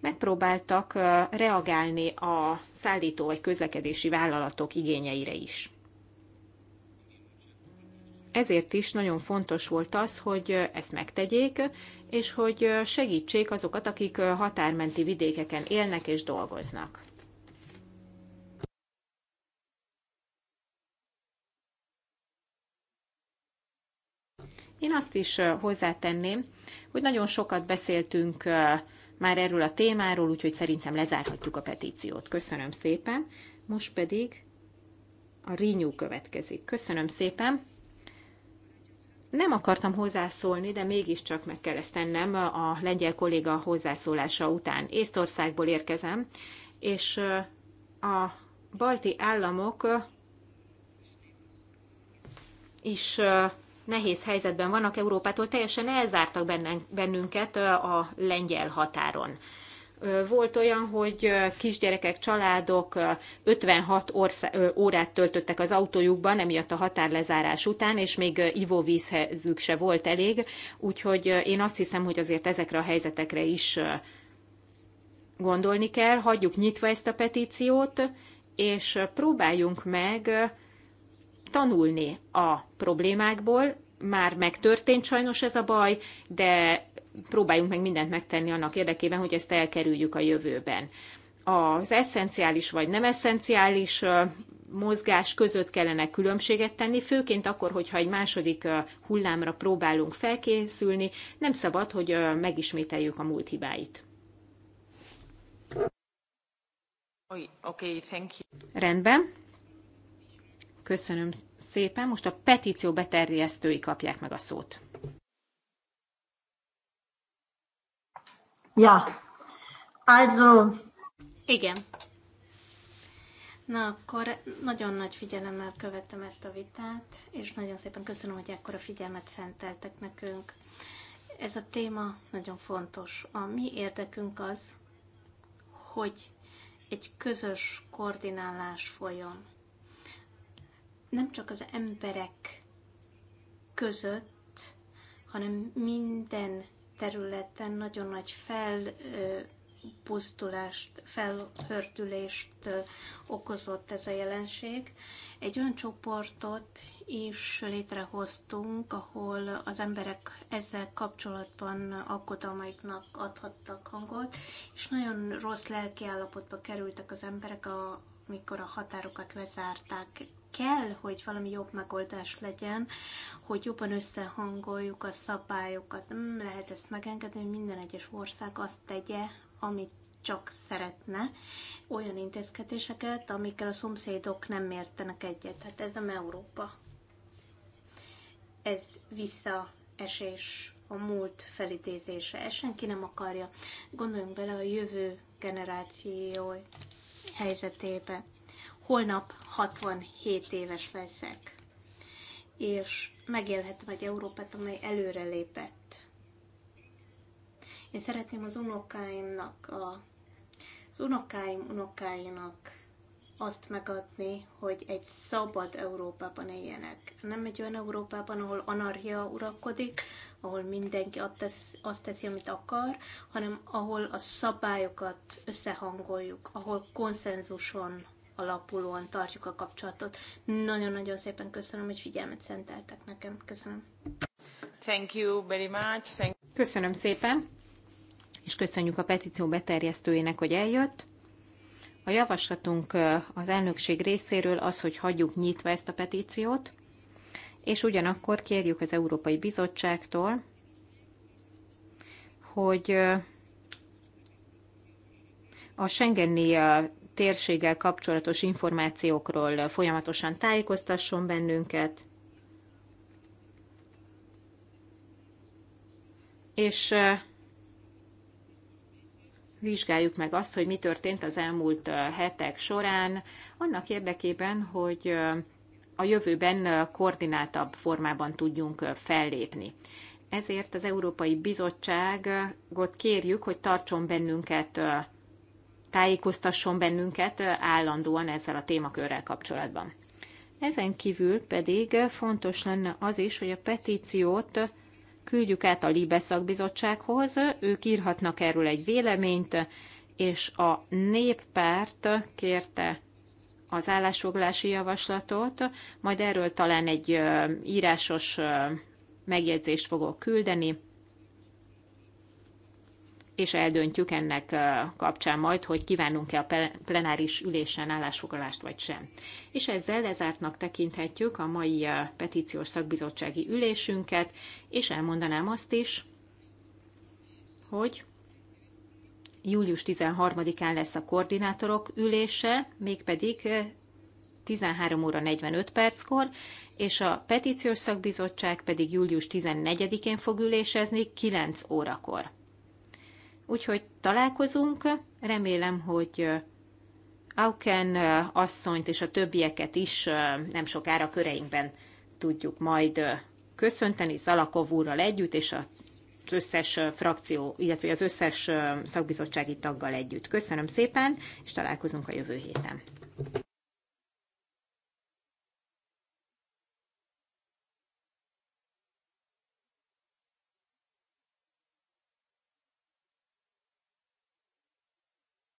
megpróbáltak reagálni a szállító vagy közlekedési vállalatok igényeire is. Ezért is nagyon fontos volt az, hogy ezt megtegyék, és hogy segítsék azokat, akik határmenti vidékeken élnek és dolgoznak. Én azt is hozzátenném, hogy nagyon sokat beszéltünk már erről a témáról, úgyhogy szerintem lezárhatjuk a petíciót. Köszönöm szépen. Most pedig a Renew következik. Köszönöm szépen. Nem akartam hozzászólni, de mégiscsak meg kell ezt tennem a lengyel kolléga hozzászólása után. Észtországból érkezem, és a balti államok is nehéz helyzetben vannak Európától, teljesen elzártak bennünket a lengyel határon. Volt olyan, hogy kisgyerekek, családok 56 órát töltöttek az autójukban, emiatt a határlezárás után, és még ivóvízhezük se volt elég, úgyhogy én azt hiszem, hogy azért ezekre a helyzetekre is gondolni kell, hagyjuk nyitva ezt a petíciót, és próbáljunk meg tanulni a problémákból. Már megtörtént sajnos ez a baj, de próbáljunk meg mindent megtenni annak érdekében, hogy ezt elkerüljük a jövőben. Az eszenciális vagy nem eszenciális mozgás között kellene különbséget tenni, főként akkor, hogyha egy második hullámra próbálunk felkészülni, nem szabad, hogy megismételjük a múlt hibáit. Okay, thank you. Rendben. Köszönöm szépen. Most a petíció beterjesztői kapják meg a szót. Ja, also... Igen. Na, akkor nagyon nagy figyelemmel követtem ezt a vitát, és nagyon szépen köszönöm, hogy ekkora figyelmet szenteltek nekünk. Ez a téma nagyon fontos. A mi érdekünk az, hogy egy közös koordinálás folyjon nem csak az emberek között, hanem minden területen nagyon nagy felpusztulást, felhördülést okozott ez a jelenség. Egy olyan csoportot is létrehoztunk, ahol az emberek ezzel kapcsolatban aggodalmaiknak adhattak hangot, és nagyon rossz lelkiállapotba kerültek az emberek a, mikor a határokat lezárták, kell, hogy valami jobb megoldás legyen, hogy jobban összehangoljuk a szabályokat. Nem lehet ezt megengedni, hogy minden egyes ország azt tegye, amit csak szeretne olyan intézkedéseket, amikkel a szomszédok nem értenek egyet. Hát ez nem Európa. Ez visszaesés, a múlt felidézése. Ezt senki nem akarja. Gondoljunk bele a jövő generációi helyzetébe. Holnap 67 éves leszek, és megélhetem egy Európát, amely előre lépett. Én szeretném az unokáimnak, a, az unokáim unokáinak azt megadni, hogy egy szabad Európában éljenek. Nem egy olyan Európában, ahol anarchia uralkodik, ahol mindenki azt teszi, azt teszi, amit akar, hanem ahol a szabályokat összehangoljuk, ahol konszenzuson alapulóan tartjuk a kapcsolatot. Nagyon-nagyon szépen köszönöm, hogy figyelmet szenteltek nekem. Köszönöm. Thank you very much. Thank- köszönöm szépen, és köszönjük a petíció beterjesztőjének, hogy eljött. A javaslatunk az elnökség részéről az, hogy hagyjuk nyitva ezt a petíciót, és ugyanakkor kérjük az Európai Bizottságtól, hogy a Schengeni térséggel kapcsolatos információkról folyamatosan tájékoztasson bennünket, és vizsgáljuk meg azt, hogy mi történt az elmúlt hetek során, annak érdekében, hogy a jövőben koordináltabb formában tudjunk fellépni. Ezért az Európai Bizottságot kérjük, hogy tartson bennünket, tájékoztasson bennünket állandóan ezzel a témakörrel kapcsolatban. Ezen kívül pedig fontos lenne az is, hogy a petíciót küldjük át a Libe szakbizottsághoz, ők írhatnak erről egy véleményt, és a néppárt kérte az állásfoglási javaslatot, majd erről talán egy írásos megjegyzést fogok küldeni és eldöntjük ennek kapcsán majd, hogy kívánunk-e a plenáris ülésen állásfoglalást vagy sem. És ezzel lezártnak tekinthetjük a mai petíciós szakbizottsági ülésünket, és elmondanám azt is, hogy július 13-án lesz a koordinátorok ülése, mégpedig 13 óra 45 perckor, és a petíciós szakbizottság pedig július 14-én fog ülésezni 9 órakor. Úgyhogy találkozunk, remélem, hogy Auken asszonyt és a többieket is nem sokára köreinkben tudjuk majd köszönteni Zalakov úrral együtt, és az összes frakció, illetve az összes szakbizottsági taggal együtt. Köszönöm szépen, és találkozunk a jövő héten.